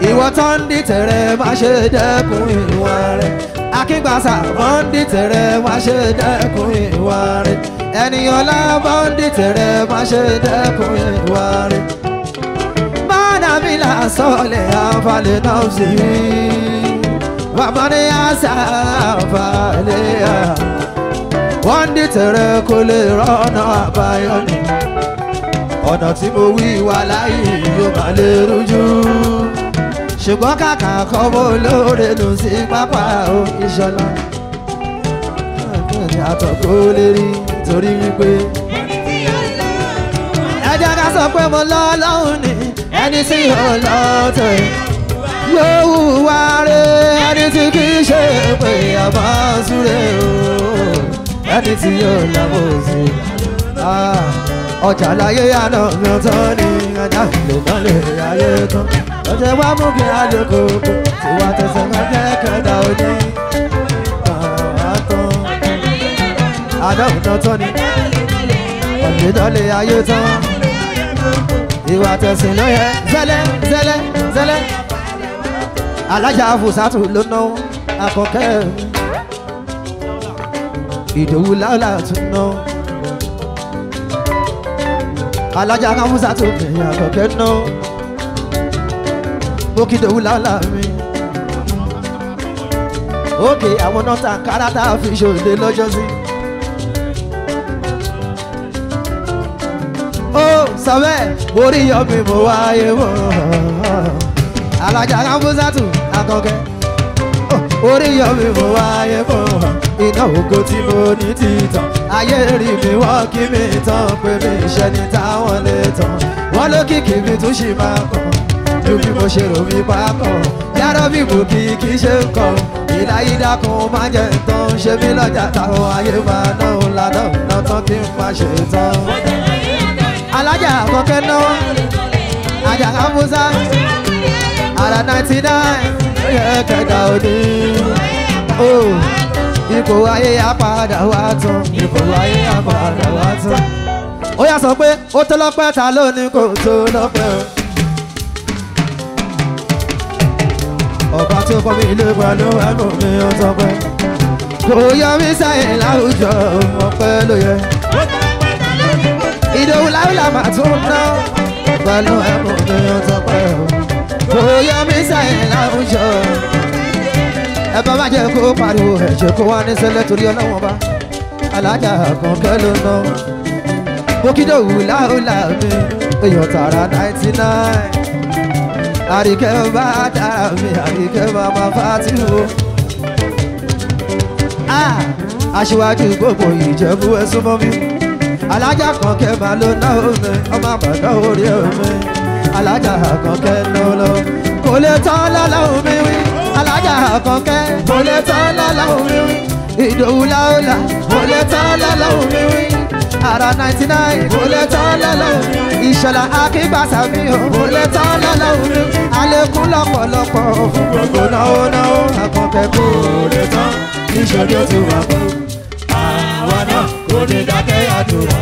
ìwọ tó ń dìtẹ̀ rẹ̀ má ṣe dẹ́kun ìwà rẹ̀ akíngbàsà wọ́n ń dìtẹ̀ rẹ̀ má ṣe dẹ́kun ìwà rẹ̀ ènìyàn lábọ́ndì tẹ̀rẹ̀ má ṣe dẹ́kun ìwà rẹ̀ mánàmí làásọ̀lẹ̀ àfàlẹ̀ náà sí i bàbá ní àṣà àfàlẹ̀ wọ́n dì tẹ̀rẹ̀ kò lè rọ́nà àbáyọ ni ọ̀nà tí mo wí wà láyé yóò má lè rújú ṣùgbọ́n kàkà kọ́wọ́ olóore lù sí pápá òkè ṣọlá àtọ̀kọ́ lè rí i torí wípé. ẹni tí yóò lọ ọ̀run. ẹ jẹ́ ká sọ pé mo lọ lọ́hùn ni ẹni tí yóò lọ tẹ̀. yóò hùwà rẹ̀ ẹni tí kì í ṣe pé àbá súré o ẹni tí yóò lọ bó sí. Ah, ọjà láyé àná mi ò ajá ìlú náà lè ráyé tán. ọjọ́ wa mú kí a lè kókó tí wàá tẹ̀sán máa jẹ́ kẹta òní. adáhùnà tán ni ọ̀lẹ́dọ́lẹ̀ ayé tán ìwà tẹ̀sìn ló yẹ zẹ́lẹ́ zẹ́lẹ́ zẹ́lẹ́ alájà fùsàtù ló ná akọ̀kẹ́ ìdòwú láòlà tún ná alájà kan fùsàtù bẹ̀yìn akọ̀kẹ́ ná mo kí ìdòwú láòlà mi òkè àwọn nọ́ta kárátá fi ṣòde lọ́jọ́sí. sọ bẹ́ẹ̀ borí yọmi mo wáyé mọ́ alájà káfúsátù akọkẹ́ orí yọmi mo wáyé mọ́ iná ògo tí mo ní títàn ayé rí mi wọ́n kí mi tán pé mi iṣẹ́ ni táwọn lè tàn wọ́n lókìkí mi tún ṣì máa kàn ju bí mo ṣe rò mí bá kàn yàrá bí mo kì í kì í ṣe ń kàn ìlà ìdá kan máa jẹ tán ṣe mí lọ́jà táwọn ayé máa náà ládàá náà tán kí n máa ṣe tán alájà kọ̀kẹ́ náwó àjàká musa àrà náìtì náà yẹ kẹta òde o ipò ayé apàdà wà tán ipò ayé apàdà wà tán. ó yà sọ pé ó tó lọ́pẹ́ ta ló ní kò tó lọ́pẹ́ o. ọba tó kọ́ mi ilé pẹ̀lú ẹnu mi ó sọ pé kò yọ mí sẹ́yìn láwùjọ ọpẹ́ ló yẹ. Ìdòwú láwùlà mà tún ná pẹ̀lú ẹ̀bùn tó yọ tọpẹ́ o. Kò yọ mí sẹ́yìn láwùjọ. Ẹ bá má jẹ́ kó pariwo ẹ̀ jẹ́ kó wá ní sẹ́lẹ̀ torí ọlọ́wọ́n bá. Alájà kan kẹ́ ló ná. Mo kí Ìdòwú láwùlà mi, èèyàn tààrà 99 àríkẹ́ bá dára mi àríkẹ́ mama fatiwo. Ah! aṣíwájú gbogbo ìjẹ̀bú alájà kọ̀ọ̀kẹ́ máa ló ná omi ọmọ àbàdà orí omi alájà kọ̀ọ̀kẹ́ ló lọ kò lè tán lọ́lá omi wí alájà kọ̀ọ̀kẹ́ kò lè tán lala omi wí ìdòwú láòlà kò tán lọ́lá omi wí ara ninety nine lè tán lọ́lá omi wí ìṣọ̀lá akíngbàsá mi ò kò lè tán lọ́lá omi wí alẹ́kùn lọ́pọ̀lọpọ̀ fún gbogbo náà náà àkànkẹ́ kò tán níṣẹ́ ni ó ti wà fún onídàkẹ́ àdúrà.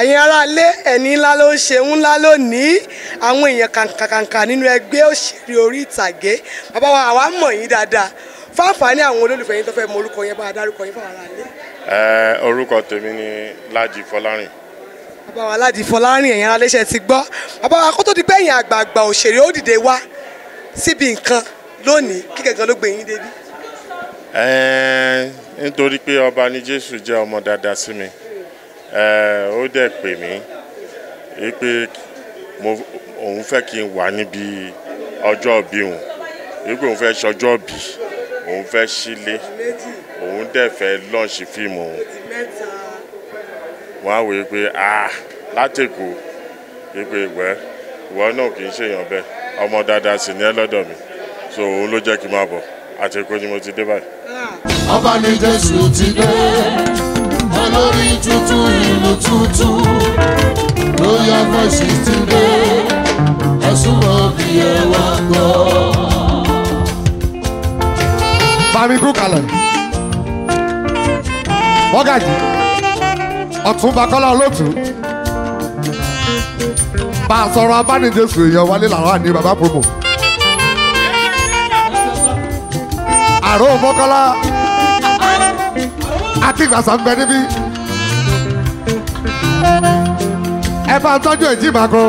ẹ̀yin aráalé ẹ̀ní ńlá ló ń ṣe ńlá lónìí àwọn èèyàn kàǹkàǹkà nínú ẹgbẹ́ òṣèré orí ìtàgé bàbá wa àwa mọ̀ yín dáadáa fáfàá ní àwọn olólùfẹ́ yín tó fẹ́ mọ orúkọ yẹn bá a dárúkọ yín fáwọn aráalé. ẹ orúkọ tèmi ni Lájì Fọlárìn bàbá wa Lájì Fọlárìn ẹ̀yin aráalé ṣe ti gbọ́ bàbá wa kó tó di pé ẹ̀yin àgbààgbà òṣèré ó dìde wá síbi nǹkan lónìí kí gangan ló gbé yín débi nítorí pé ọba ni jésù jẹ́ ọmọ dáadáa sí mi ó dẹ̀ pè mí pé òun fẹ́ kí n wà níbi ọjọ́ bí òun wípé òun fẹ́ ṣọjọ́ bí òun fẹ́ sílé òun dẹ̀ fẹ́ lọ́ọ̀ṣì fíìmù òun wọ́n á wòye pé látẹ̀kọ́ wípé ah, wẹ́ ìwọ náà kì í ṣèyàn bẹ́ẹ̀ ọmọ dáadáa sì ni ẹ́ lọ́dọ̀ mi so òun ló jẹ́ kí n máa bọ̀ àti èkó ni mo ti dé báyìí. ọba ní jésù ti dé olórí tuntun ìlú tuntun royal voices ti dé ẹ̀sùn òbí ẹ̀ wá gbọ́. bami kú kalẹ̀ bọ́gàjì ọ̀túnba kọ́lá olótùú bá a sọ̀rọ̀ abánijésù èèyàn wálé làwọn àní bàbá promo. àrò mọ́kọ́lá àti ìgbàsà ń bẹ níbí ẹ bá tọ́jú èjì màgò.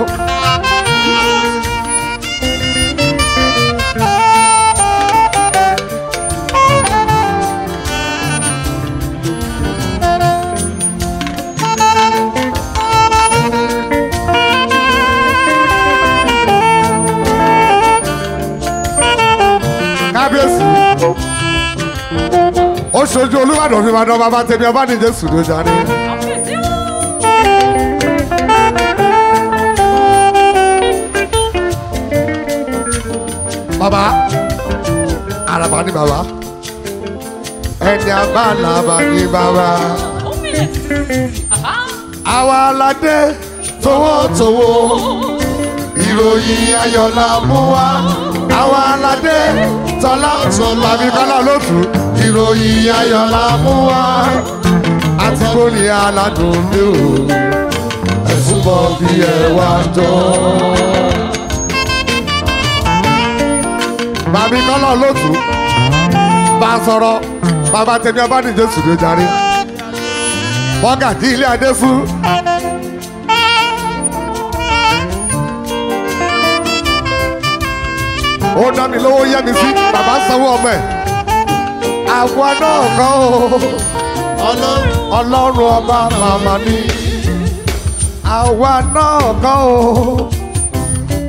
ṣojú olúbàdàn fi máa dán bàbá tèmi ọba ní jésù ló jáde. bàbá àràbà ni bàbá ẹni abálàbà ni bàbá àwa aládé towótowó ìròyìn ayọ̀ la mú wa àwa aládé tọ́lá tọ́lá. bàbá mi ìròyìn ayọ̀ la mú wá àti gbóni aládùn mi ò ẹ̀sùn bọ̀ bí ẹ wá jọ. bàbí kọ́lọ̀ lótú bá a sọ̀rọ̀ bàbá tẹ̀mí ọbádìjẹ́ sùdó jarí bọ́gàdì ilé adé fún. ó dá mi lówó yá mi sí bàbá sanwó ọmọ ẹ̀ àwa náà kọ́ o ọlọ́run ọba màmá mi àwa náà kọ́ o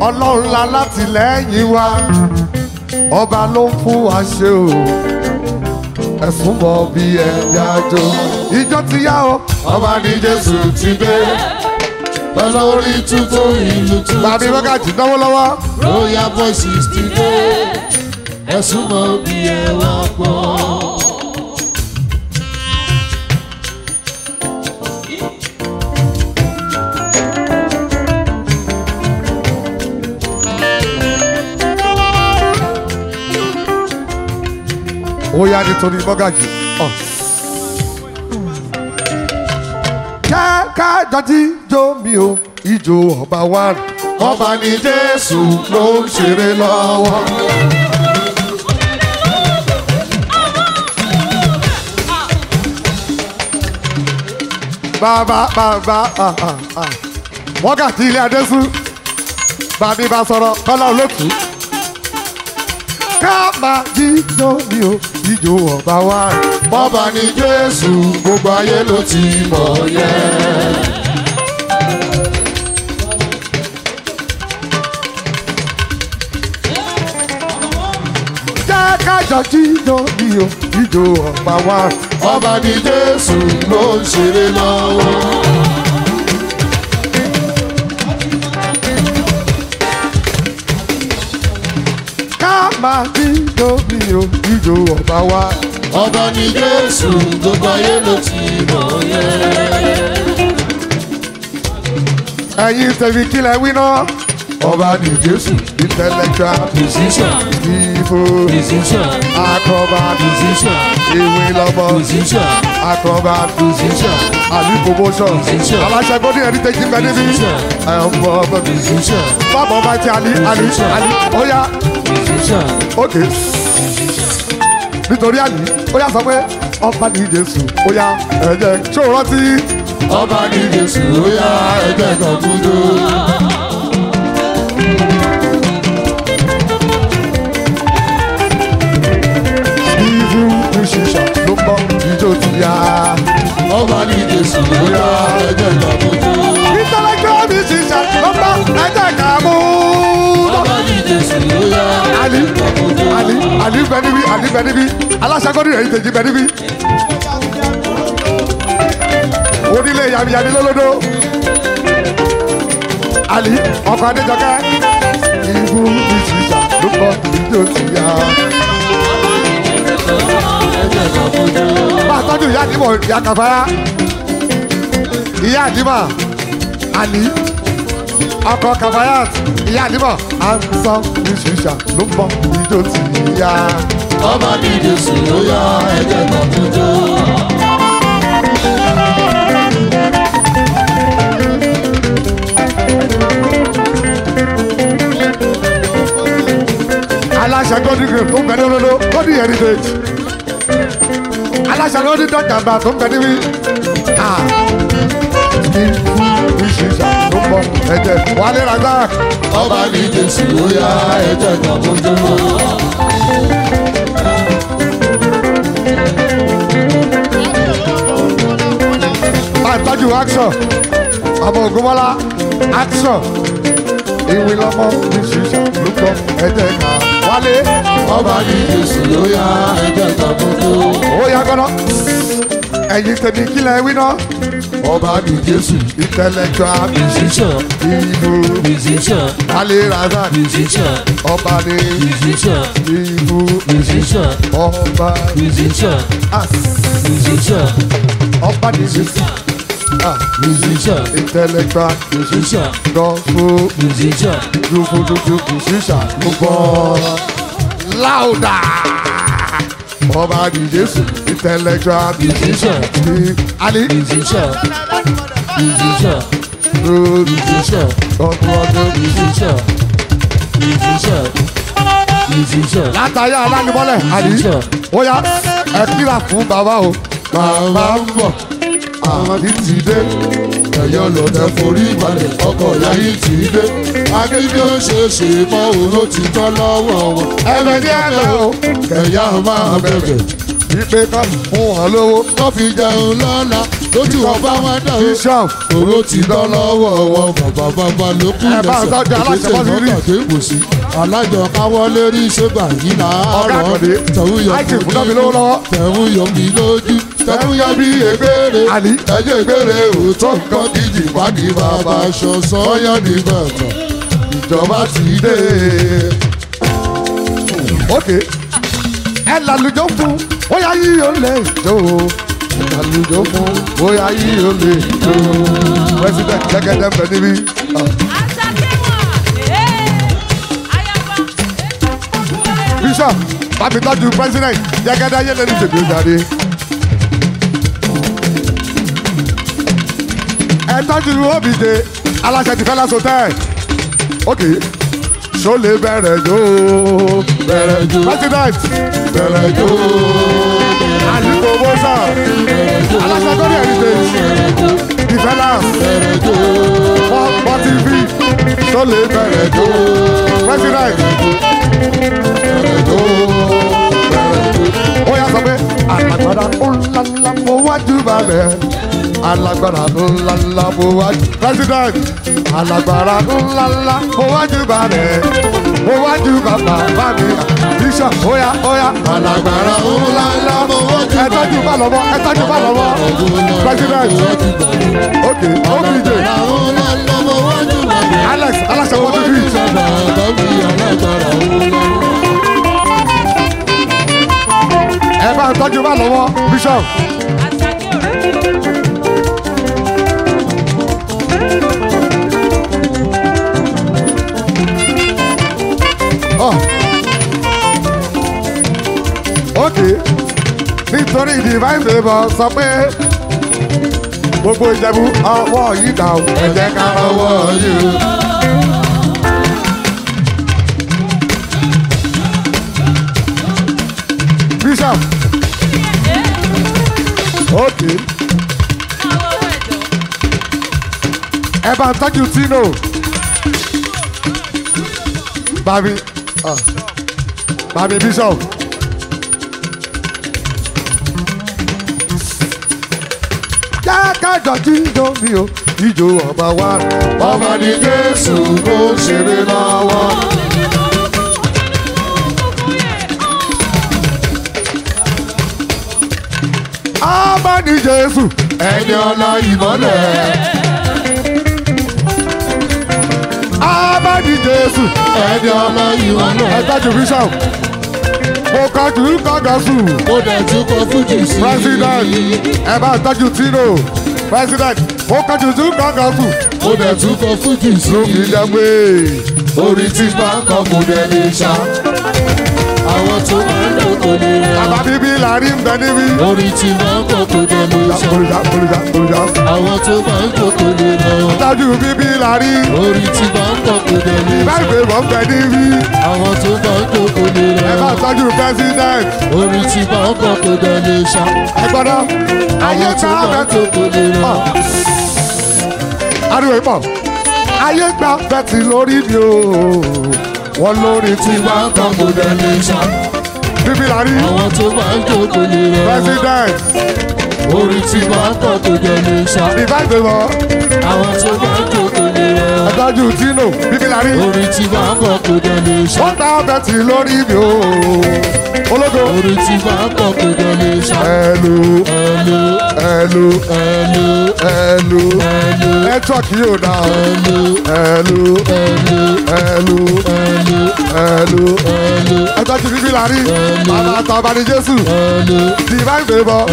ọlọ́run la látìlẹ́yìn wa ọba ló ń fún wa ṣe o ẹ̀sùn mọ̀ bí ẹ̀dá jọ ìjọ ti yá o ọba ní Jésù ti dé pẹ̀lú orí tuntun ìlú tuntun bàbí wákàtí náwó lọ́wọ́ royal voices ti dé ẹ súnmọ́ bí ẹ wá gbọ́. ó yá nítorí mọ́gàjì. kẹ́kẹ́ jọjí jó mi o ìjó ọba wa. ọba ni jésù ló ń ṣeré lọ́wọ́. bàbá bàbá ah, ah, ah. wákàtí ilé adésù bàbí bá sọ̀rọ̀ kọ́lá olókùú. ká máa jíjó mi ò jíjó ọba wa. bọ́bá ni jésù gbogbo ayé ló ti mọ̀ yẹn. kájọ jíjọ mi ò jíjọ ọ̀pá wa ọba ní jésù ló ń ṣeré lọ́wọ́. ká máa ní lómi o jíjó ọba wa. ọba ni jésù gbogbo ayé ló ti mọ̀ yẹn. ẹ̀yin tẹ̀mí kílẹ̀ wí náà. Ọba ni Jésù intellectual musician ìdìfo musician acrobat position. ewé lọ́mọ musician acrobat musician àbí promotion musician aláṣẹ gbọ́dọ̀ ẹni tẹ́jú bẹ́ẹ̀ níbí ẹ̀mọ́ ọmọ musician fáwọn ọba ti àní àní àní ọ̀yà musician ok nítorí àní ó yà sọ pé ọba ni Jésù ó yà ẹ̀jẹ̀ ṣòro rántí. ọba ni Jésù ó yà ẹ̀jẹ̀ kan kú tó. tó ti yá. ọba ní jésù ló yá ẹjẹ ìgbà tó tó. intellectual musician ọba ẹjẹ kàmú. ọba ní jésù ló yá ẹjẹ ìgbà tó tó. àlì àlì bẹ níbí àlì bẹ níbí aláṣagọ́dún rẹ̀ ìtẹ̀jì bẹ níbí. onílé yamiyami lọ́lọ́dọ́ àlì ọkọ̀ adéjọkẹ́ ìbú musician ló kọ́ ìjó máa tọ́jú ìyá àdìmọ̀ ìyá kàfárá ìyá àdìmọ̀ àní ọkọ̀ kàfárá ìyá àdìmọ̀ ansa ìṣìṣà ló ń bọ̀ ìjọ tì í yá. ọmọ dídì sí ló yá ẹ̀jẹ̀ kan tó jọ. aláṣẹ gbọdúgbò tó gbẹdọdọdọ gbọdúgbò heritage aláṣà ni ó ti dọ̀jà àgbà tó ń bẹ níbí. ìṣìṣà ló ń bọ ẹ̀jẹ̀ wálé ràgbà. ọba ní jésù ó yá ẹ̀jẹ̀ ìgbàgbọ́njúmọ́. àtọ́jú action ọmọ ògúnmọ́lá action ìwé lọ́mọ ìṣìṣà ló ń bọ ẹ̀jẹ̀ kan wálé. ọba ní jésù ló yá ẹjẹ tàbótó. ó yá gbọ́dọ̀ ẹ̀yin tèmi kílẹ̀ wí náà. ọba ní jésù. intellectual musician. ìbò musician. wálé raza musician. ọba ní musician. ìbò musician. ọba musician. as musician. ọba ní jésù. Ah, musician, intellectual, musician, gospel, musician, juku juku musician, gbogbo louder. Ọba di Jésù, intellectual, musician, Ali, musician, musician, ro musician, gospel ọdún musician, musician, musician. Látàyà alánibọ́lẹ̀, Ali. ó yá, ẹ kíra fún Baba o, bàbá ń àwọn tí ti dé ẹ̀yọ́ lọ́tẹ̀ forí balẹ̀ ọkọ̀ láyé ti dé akíndé ó ṣe é ṣe mọ́ òun ti tọ́ lọ́wọ́ wọn ẹ̀bẹ̀ ní àlọ́ kẹ̀yà máa bẹ̀bẹ̀ wípé ká fún wọn lówó kó fi jẹun lọ́la lójú wọn bá wọn dà ó owó ti lọ lọ́wọ́ wọn bàbá bàbá ló kú lẹ́sẹ̀ òṣèṣe lọ́tà tó kù sí alájọ káwọ́ lérí ṣé bàyí là á rọ̀ tẹ̀hún lójú tẹ́wúyá bí egbére ẹ̀jẹ̀ egbére òótọ́ nǹkan kejì ìwádìí bàbá aṣọ sọ́yọ́ ní bàtà ìjọba ti dé. òkè ẹ làlùjọ fún bóyá yìí ó lè jó làlùjọ fún bóyá yìí ó lè jó president gẹ́gẹ́dẹ́ fẹ́ níbí. bishop bàbí tọ́jú president gẹ́gẹ́dẹ́ yẹ́lẹ́ ní tèmi jáde. ẹ tọ́jú obìde aláṣẹ ti fẹ́ lásán tẹ́ ok ṣó lè bẹ̀rẹ̀ jó bẹ̀rẹ̀ jó president bẹ̀rẹ̀ jó àdìgbò owó sàn aláṣẹ tó ní heritage defenders wọ́n tv ṣó lè bẹ̀rẹ̀ jó bẹ̀rẹ̀ jó ó yà sọ pé àgbàdo ńláńlá mo wájú balẹ̀. Alagbara ńlá ńlá mo wá jù president Alagbara ńlá ńlá mo wá jù bàrẹ̀ mo wá jù bàbá bá mi bíṣọ̀ óyá óyá. alágbára ńlá ńlá mo wá jù bàrẹ̀ ẹ tọ́jú bá lọ́wọ́ ẹ tọ́jú bá lọ́wọ́ president ok obj. alex alex ọwọ́ tó fi. ẹ bá ń tọ́jú bá lọ́wọ́ bíṣọ̀. dé nítorí divine favour sọ pé gbogbo ìjẹ̀bú ọwọ́ yìí dà ó ẹ jẹ́ ká ọwọ́ yìí. bishop òkè ẹ bá ń tọ́jú tino bàbí ah. bàbí bishop. àjọjí ijó mi o ijó ọba wa. ọba ni jésù ló ń ṣeré lọ́wọ́. ọba ni jésù ẹni ọlá ìmọ́lẹ̀. ọba ni jésù ẹni ọlá ìmọ́lẹ̀. ẹ gbájú bíṣọ̀ mo ka jù ú kọ́gà sùn. mo dẹ̀ tún kọ fújì sí i. president ẹ bá tọ́jú tino president Oka kan jù Oda kan kan kù. mo dẹ̀ tún kọ mo dẹ̀ lè àwọn tó máa ń lò kò lè rà. bàbá bíbí làárí ń bẹ níbí. orí tí máa ń kó kò lè mú sọ. àwọn tó máa ń kó kò lè rà. dájú bíbí làárí. orí tí máa ń kó kò lè mú sọ. bẹ́ẹ̀ pé wọ́n bẹ níbí. àwọn tó máa ń kó kò lè rà. ẹ bá tọ́jú president. orí tí máa ń kó kò lè sọ. ẹ gbọ́dọ̀ àwọn tó máa ń kó kò lè rà. ariwo ìpọ̀ ayé gba bẹ́ẹ̀ ti lórí mi o wọ́n lórí Tiwa Compilation. bíbí la rí. àwọn tó máa ń jókòó lè rọ. president. orí Tiwa Compilation. ìbáàgbé wọ. àwọn tó máa ń jókòó lè rọ. adájú Tino bíbí la rí. orí Tiwa Compilation. wọ́n ta ọbẹ̀ tí lórí mi o ológo. orí tí máa kọ́ pé dọ́lé ṣá. ẹlò ẹlò ẹlò ẹlò ẹlò ẹlò nẹ́tíwọ̀kì yóò dáa. ẹlò ẹlò ẹlò ẹlò ẹlò ẹlú ẹjọ́ ti fífi láàrin bàbá àtàwọn ní jésù divine favour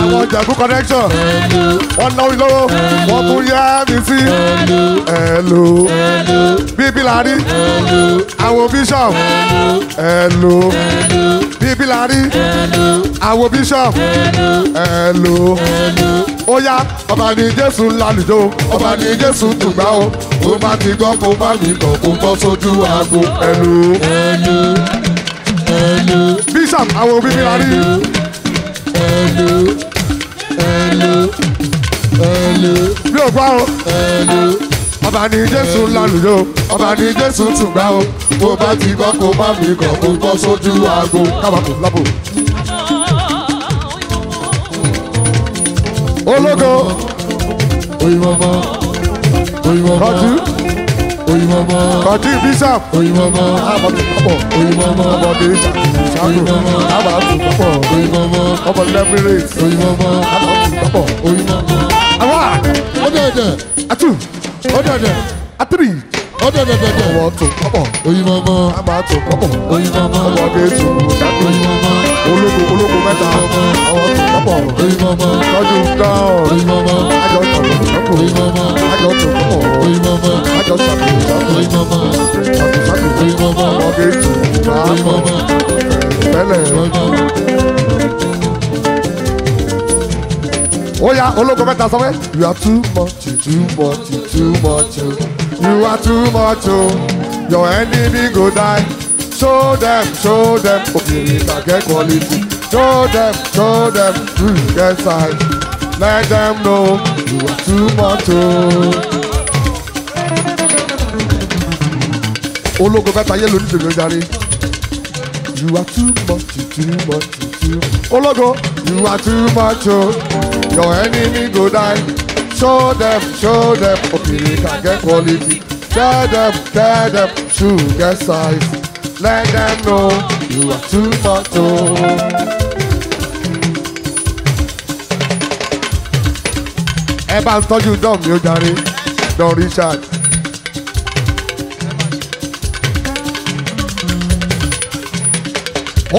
àwọn jẹ̀bú connection wọ́n náwó lọ́wọ́ wọ́n tún yẹ́ mi sí ẹlú bíbí láàrin àwọn bishop ẹlú bíbí láàrin àwọn bishop ẹlú ó yá ọba ní jésù lálùjọ ọba ní jésù tùgbà o tó bá ti gbọ́ kó bá mi kàn kó bọ́ sójú aago ẹnu ẹnu ẹnu bishop àwọn òbí mi rárí. ẹnu ẹnu ẹnu mi ò gbọ́ o ẹnu ọba ní jésù lálùjọ ọba ní jésù tùgbà o tó bá ti gbọ́ kó bá mi kàn kó bọ́ sójú aago kábàkùn lábò. ológo oyinmọmọ oyinmọmọ kọjú oyinmọmọ kọjú bishop oyinmọmọ abọdé púpọ̀ oyinmọmọ abọdé sago abàtú púpọ̀ oyinmọmọ ọmọ lemirate oyinmọmọ abàtú púpọ̀ oyinmọmọ. àwa ọdọọdẹ atu ọdọọdẹ atiri ọdọdọdọdọ ọwọ tó pọpọ oyinmọ mọ àmà tó pọpọ oyinmọ mọ ọwọ dé tó jáde oyinmọ mọ ológo ológo mẹ́ta ọwọ tó pọpọ oyinmọ mọ tọjú dáhùn oyinmọ mọ àjọ tó pọpọ oyinmọ mọ àjọ tó pọpọ oyinmọ mọ àjọ sàkó sàkó oyinmọ mọ sàkó sàkó oyinmọ mọ ọwọ dé tó jáde oyinmọ mọ tẹ́lẹ̀ ó yá ológo mẹ́ta sọ pé you are too much too much too much. You are too much, oh. Your enemy go die. Show them, show them. Okay, I get quality. Show them, show them. Mm, get size. Let them know you are too much, oh. ológo fẹ́ tayé lónìí tèmi ojàre. you are too much too much too much. ológo you are too much o oh. your enemy go die. Show them, show them, Opirika get quality. Tell them, tell them, To get size. Let them know you are too much. Oh. Ẹ bá ń tọ́jú dán mi ó darí, Don Richard.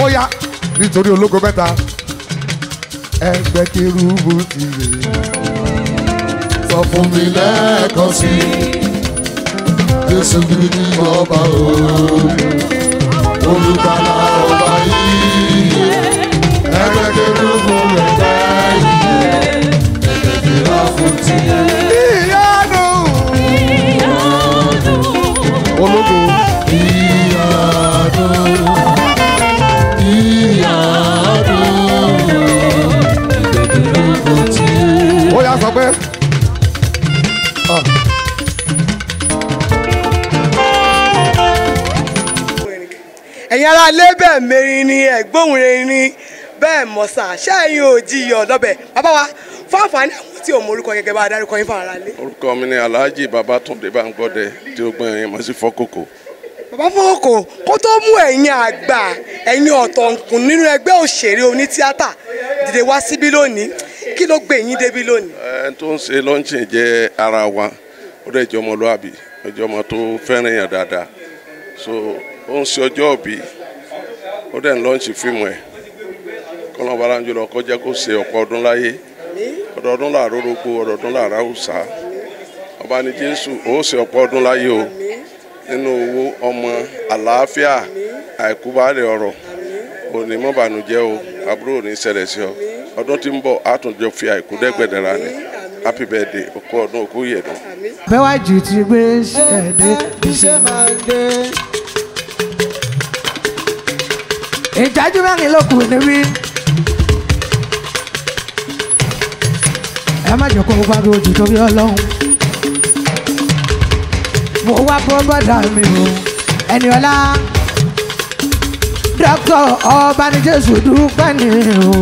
Ó yá nítorí ológo mẹ́ta ẹgbẹ́ kérúbù ti rè é máa fún mi lẹ́ẹ̀kan sí Jésù gidi ọba ooo olùkàlà ọba yìí ẹgbẹ́gbẹ́ lóko rẹ̀ báyìí ẹgbẹ́gbẹ́ wá fún tiẹ̀. ìyanu ológo. ará ilé bẹ́ẹ̀ mẹ́rin ni ẹ̀gbóhùn rẹ̀ ni bẹ́ẹ̀ mọ̀sà ṣẹ́yìn òjìyọ lọ́bẹ̀ bàbá wa fún àǹfààní àwọn tí ò mọ orúkọ gẹ́gẹ́ bá darúkọ yín fún ará ilé. orúkọ mi ni alhaji babatunde bangbọdẹ tí ó gbọ́n yẹn mọ̀ sí fọ́kòkò. bàbá fọ́kòkò kó tó mú ẹ̀yin àgbà ẹ̀yin ọ̀tọ̀kùn nínú ẹgbẹ́ òṣèré onítíátà dìde wá síbí lónìí kí ló gbé yín débi lónìí. ẹ so ó ń ṣe ọjọ́ òbí den lunch fimu e kono baranju lo koja ko se opo odun laye odun la roroku odun la rausa oba ni jesu o se opo odun laye o ninu owo omo alaafia aikubale oro oni mo banuje o aburo ni sele si o odun ti nbo atun jo fi aiku degbedara ni happy birthday oko odun oku yedun ede ise mande ìjájú mẹ́rin ló kù níbí. ẹ má jẹ́ kó o pariwo jù torí ọlọ́run. mo wá bọ́bọ́dà mi o ẹni ọlá dókítà ọbanijesu dúpẹ́ ni o.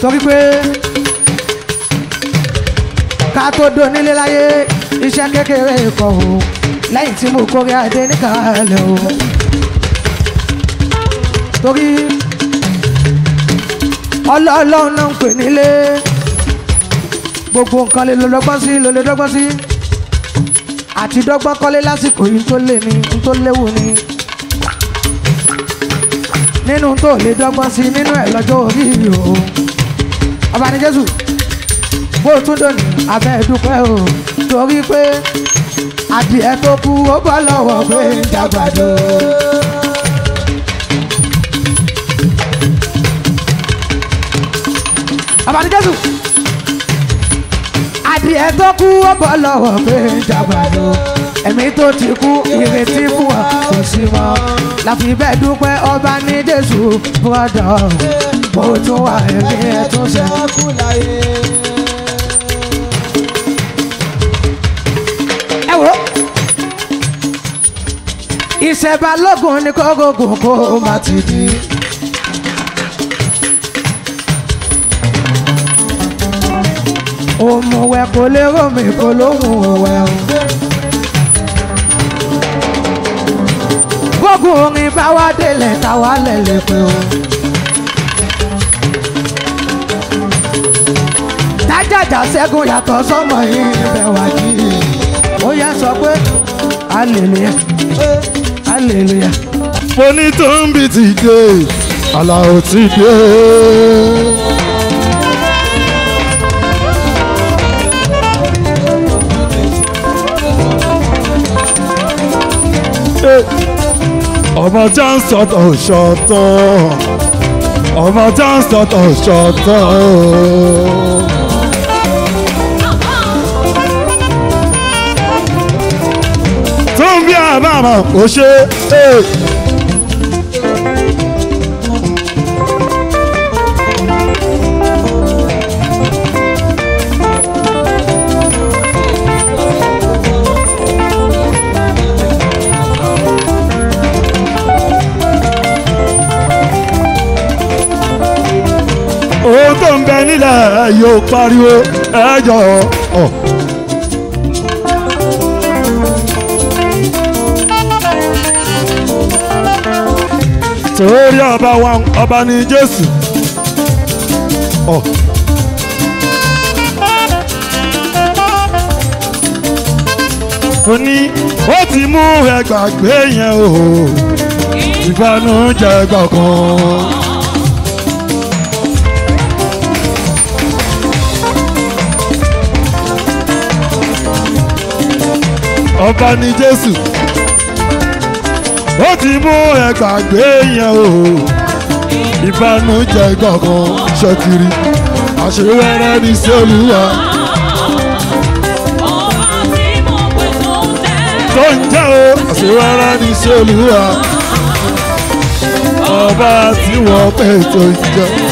torí pé ká tó donílé láyé iṣẹ́ kékeré kọ̀ o lẹ́yìn tí mo kórè adé níkàlẹ̀ o torí ọlọ́ọ̀lọ́ọ̀ náà ń pè nílé gbogbo nǹkan lè lo dọ́gbọ́n sí ló lè dọ́gbọ́n sí àti dọ́gbọ́n kọ́lé lásìkò yìí tó lé ní tó léwu ni nínú tó lè dọ́gbọ́n sí nínú ẹ̀ lọ́jọ́ orí mi o ọba ní Jésù bó tún dòní abẹ́ dúpẹ́ o torí pé adìẹ tó kú ó bọ́ lọ́wọ́ pé ń àbàdí jésù. adìẹ tó kú ó bọ́ lọ́wọ́ pé jàbàdó ẹ̀mí tó ti kú ìrètí fún ọ kò sí mọ́ láfi bẹ́ẹ̀ dúpẹ́ ọba ní jésù bọ́dọ̀ mo tún wà ẹ̀mí ẹ̀ tó ṣẹ́kù láyé. ẹ wo ìṣẹ̀bà ti di. òmùwẹ̀ kò lè rómi kò lóhùn òwẹ̀ o. gbógun orin bá wá délẹ̀ táwa lẹ̀lẹ̀ pé o. tájàjà ṣẹ́gun yàtọ̀ sọ́mọ yìí bẹ̀ wá jí. ó yẹ sọ pé hallelujah hallelujah. mo ní tó ń bì ti dé àlàó ti dé. ọmọ Johnson tó ṣọ̀tọ̀ ọmọ Johnson tó ṣọ̀tọ̀ ooo. bá a máa kó ṣe é. bẹ nílẹ̀ yóò pariwo ẹ torí ọba wa ọba ni Jésù. Oh. ó ní ó ti mú ẹgbàgbé yẹn o ìbànújẹ́ gbọ̀ngàn. ọba ni Jésù ó ti mú ẹgbàgbé yẹn o ìbànújẹ́ gbọ̀ngàn ṣọ́kiri àṣewẹ́rẹ́ ní sí olúwa. tó ń jẹ́ o àṣewẹ́rẹ́ ní sí olúwa ọba tí wọ́n pè tó ń jẹ́.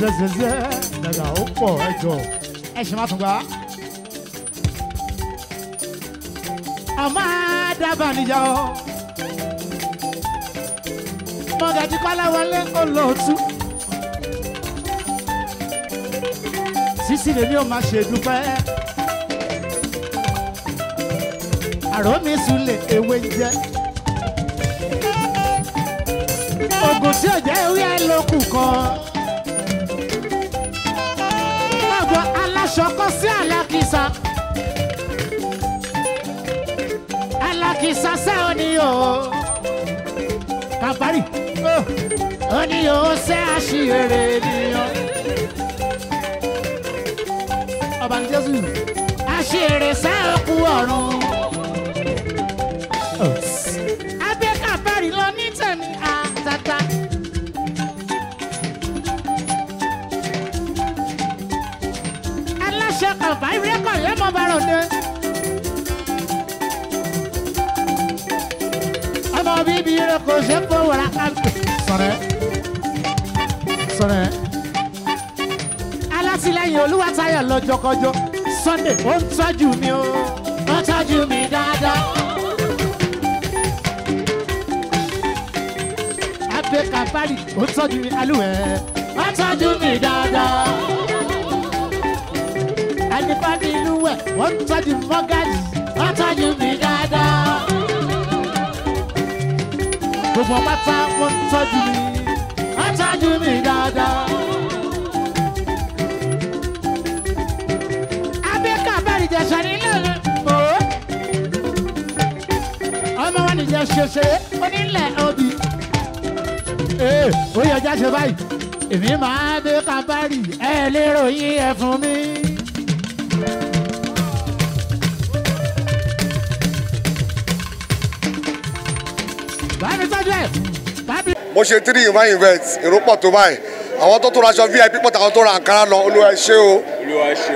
zẹzẹzẹ dàda ó pọ̀ ẹ jọ ẹ ṣe má tún gbà. àmọ́ dábàá níjà ọ́ mọ̀gàjì kọ́lá wọlé olóòtú. sísì lèmi ò máa ṣe dúpẹ́. àrò mi sùn lè ewé jẹ́. oògùn tí ò jẹ́ ewé ẹ lókù kan. o kàfárì ó ní o ṣe àṣìírí ènìyàn. ọ̀bànújẹ́ sùn àṣìírí sá òkú ọ̀run. kero ko sepo wala kan sore sore alátìlẹ́yìn Olúwatáyọ̀ lọ́jọ́kọ́jọ́ Sunday ó ń tọ́jú mi o ó ń tọ́jú mi dáadáa. abẹ́ kàbárì ó ń tọ́jú mi alúwẹ̀ ó ń tọ́jú mi dáadáa. ẹni bá ní inú wẹ̀ ó ń tọ́jú mọ́gàjì. gbogbo pátá wọ́n tọ́jú mi wọ́n tọ́jú mi dáadáa. abẹ́ká bẹ́ẹ̀ ìjẹ̀ṣà nílẹ̀ rẹ̀ mọ́. ọmọ wọn nìjẹ́ ṣẹṣẹ onílẹ̀ obì. ee ó yẹ ọjà ṣe báyìí èmi máa dé kábàárì ẹ lérò yín ẹ fún mi. mo ṣe three in one event tó báyìí àwọn tó tó raṣọ vip pọ̀ tàwọn tó ra àǹkárá lọ olúwa ẹ o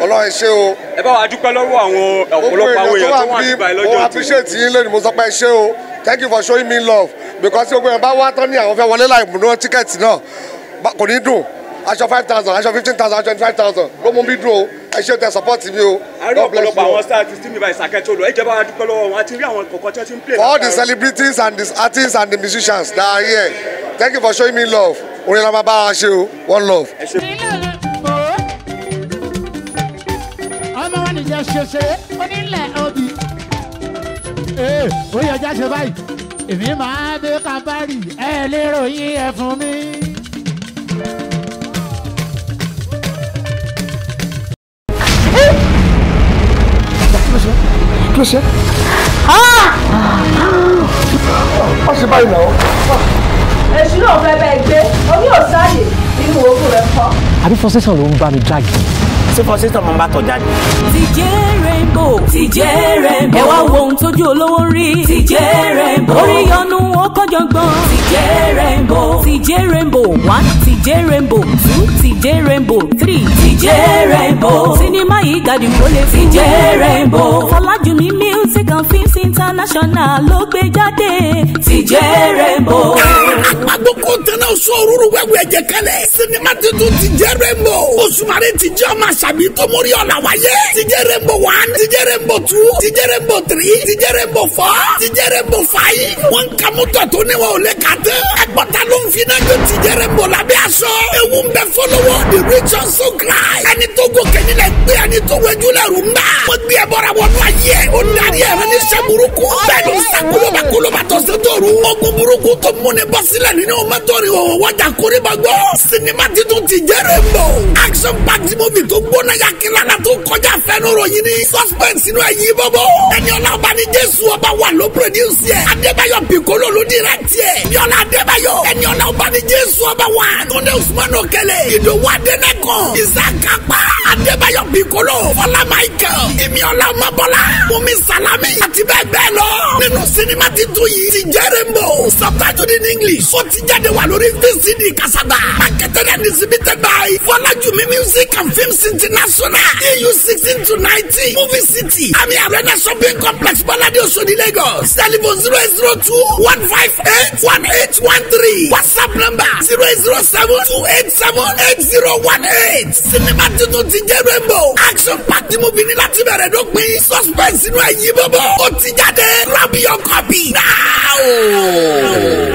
olúwa ẹ o. ẹ bá wa dúpẹ́ lọ́wọ́ àwọn ọ̀pọ̀lọpọ̀ àwọn èèyàn tó wà nígbà ìlọ́jọ́ tí. mo appreciate yín lónìí mo sọ pé ẹ o thank you for showing me love because gbogbo ẹ̀ bá wá tán ní àwọn fẹ́ wọlé láì múná tíkẹ́ẹ̀tì náà kò ní dùn aṣọ five thousand aṣọ fifteen thousand aṣọ twenty-five thousand ló mú mi dúró ẹ ṣe tẹ support mi o. a rí ọ̀pọ̀lọpọ̀ àwọn star artist mi báyìí sàkẹ́tì olùwà ìjọba wa dúpẹ́ lọ́wọ́ wọn àti rí àwọn kọ̀ọ̀kan tí wọ́n ti ń play. for all the celebrities and the artists and the musicians that are here thank you for showing me love orin la máa o one love. ọmọ wa nìjẹ ṣẹṣẹ onílẹ̀ obì ó yẹ jáde báyìí èmi máa dé kábàárì ẹ lérò yín ẹ fún mi. kí ló ṣe? Ah! ó ṣe báyìí náà èṣù náà fẹ́ bẹ́ẹ̀ gbé omi ò sáàyè nínú òkú rẹ̀ kọ́. àbí fọ́sẹ́sàn ló ń bá mi jáde ṣé fọ́sítọ̀ bá tọ̀ jáde. TJ Rainbow TJ Rainbow ẹ wá wo ohun tójú olówó rí TJ Rainbow orí yọnu ó kọ́jọ̀gbọ́n TJ Rainbow TJ Rainbow one TJ Rainbow two TJ Rainbow three TJ Rainbow sinimá yìí gàdí kó lè fún TJ Rainbow Fọlájúmi music and films international ló gbé jáde TJ Rainbow. àgbókò tẹ́lẹ̀ sọ òróró wẹ́wẹ́ ẹ̀jẹ̀ kalẹ̀ sinimá tuntun TJ Rainbow òṣùmàrè TJ ọmọ àṣà àṣàbí tọmọrí ọ̀la wáyé tíjẹ́ rainbow one tíjẹ́ rainbow two tíjẹ́ rainbow three tíjẹ́ rainbow four tíjẹ́ rainbow five wọn kà mú tọ̀tún ní wọn ò lè kà tẹ́ ẹgbọ́ta ló ń finá jọ tíjẹ́ rainbow lábẹ́ aṣọ ewu ń bẹ the richard so cry ẹni tó gòkè nílẹ̀ gbé ẹni tó wẹjú lẹ́rù ń bá wọ́n gbé ẹ bọ́ra wọnú ayé ó darí ẹ̀rọ ní sẹ́ burúkú bẹ́ẹ̀ ló ń sa kólóbà kólóbà tó ṣe tó rú ogun burúkú tó múni bọ́ sílẹ̀ nínú mọ́tò rí òwò wọ́jà kórè bá gbọ́ sinimá titun tíjẹ́ rainbow action packed movie tó g gbónáyà kílára tó kọjá fẹ́nuro yìí ní suspense inú ẹ̀yìn bọ́bọ́. ẹni ọ̀la ọba ni jésù ọba wà ló produce yẹ. adébáyọ̀ piccolo ló direct yẹ. ẹni ọ̀la adébáyọ̀ ẹni ọ̀la ọba ni jésù ọba wà. túndé usman okele ìdòwò adẹnẹkan ìsàkápá adébáyọ̀ piccolo fọlá michael ìmíọ̀la ọmọbọ́lá mumi salami àti bẹ́ẹ̀ bẹ́ẹ̀ lọ. nínú sinimá titun yìí ti jẹ́rẹ̀ mbọ̀ subtitled in english ó ti jáde wà lórí vcd kasaba marketed and distributed by fọlájúmi music and film city international du e sixteen to nineteen movie city Ami arena shopping complex bọ́ládé òṣòdì lagos telephone zero eight zero two one five eight one eight one three whatsapp number zero eight zero seven two eight seven eight zero one eight sinimá tuntun ti jẹ́ rainbow action packed movie ni láti bẹ̀rẹ̀ dópin suspense inú ẹ̀yìn bọ̀bọ̀ ó ti jáde grab your copy now.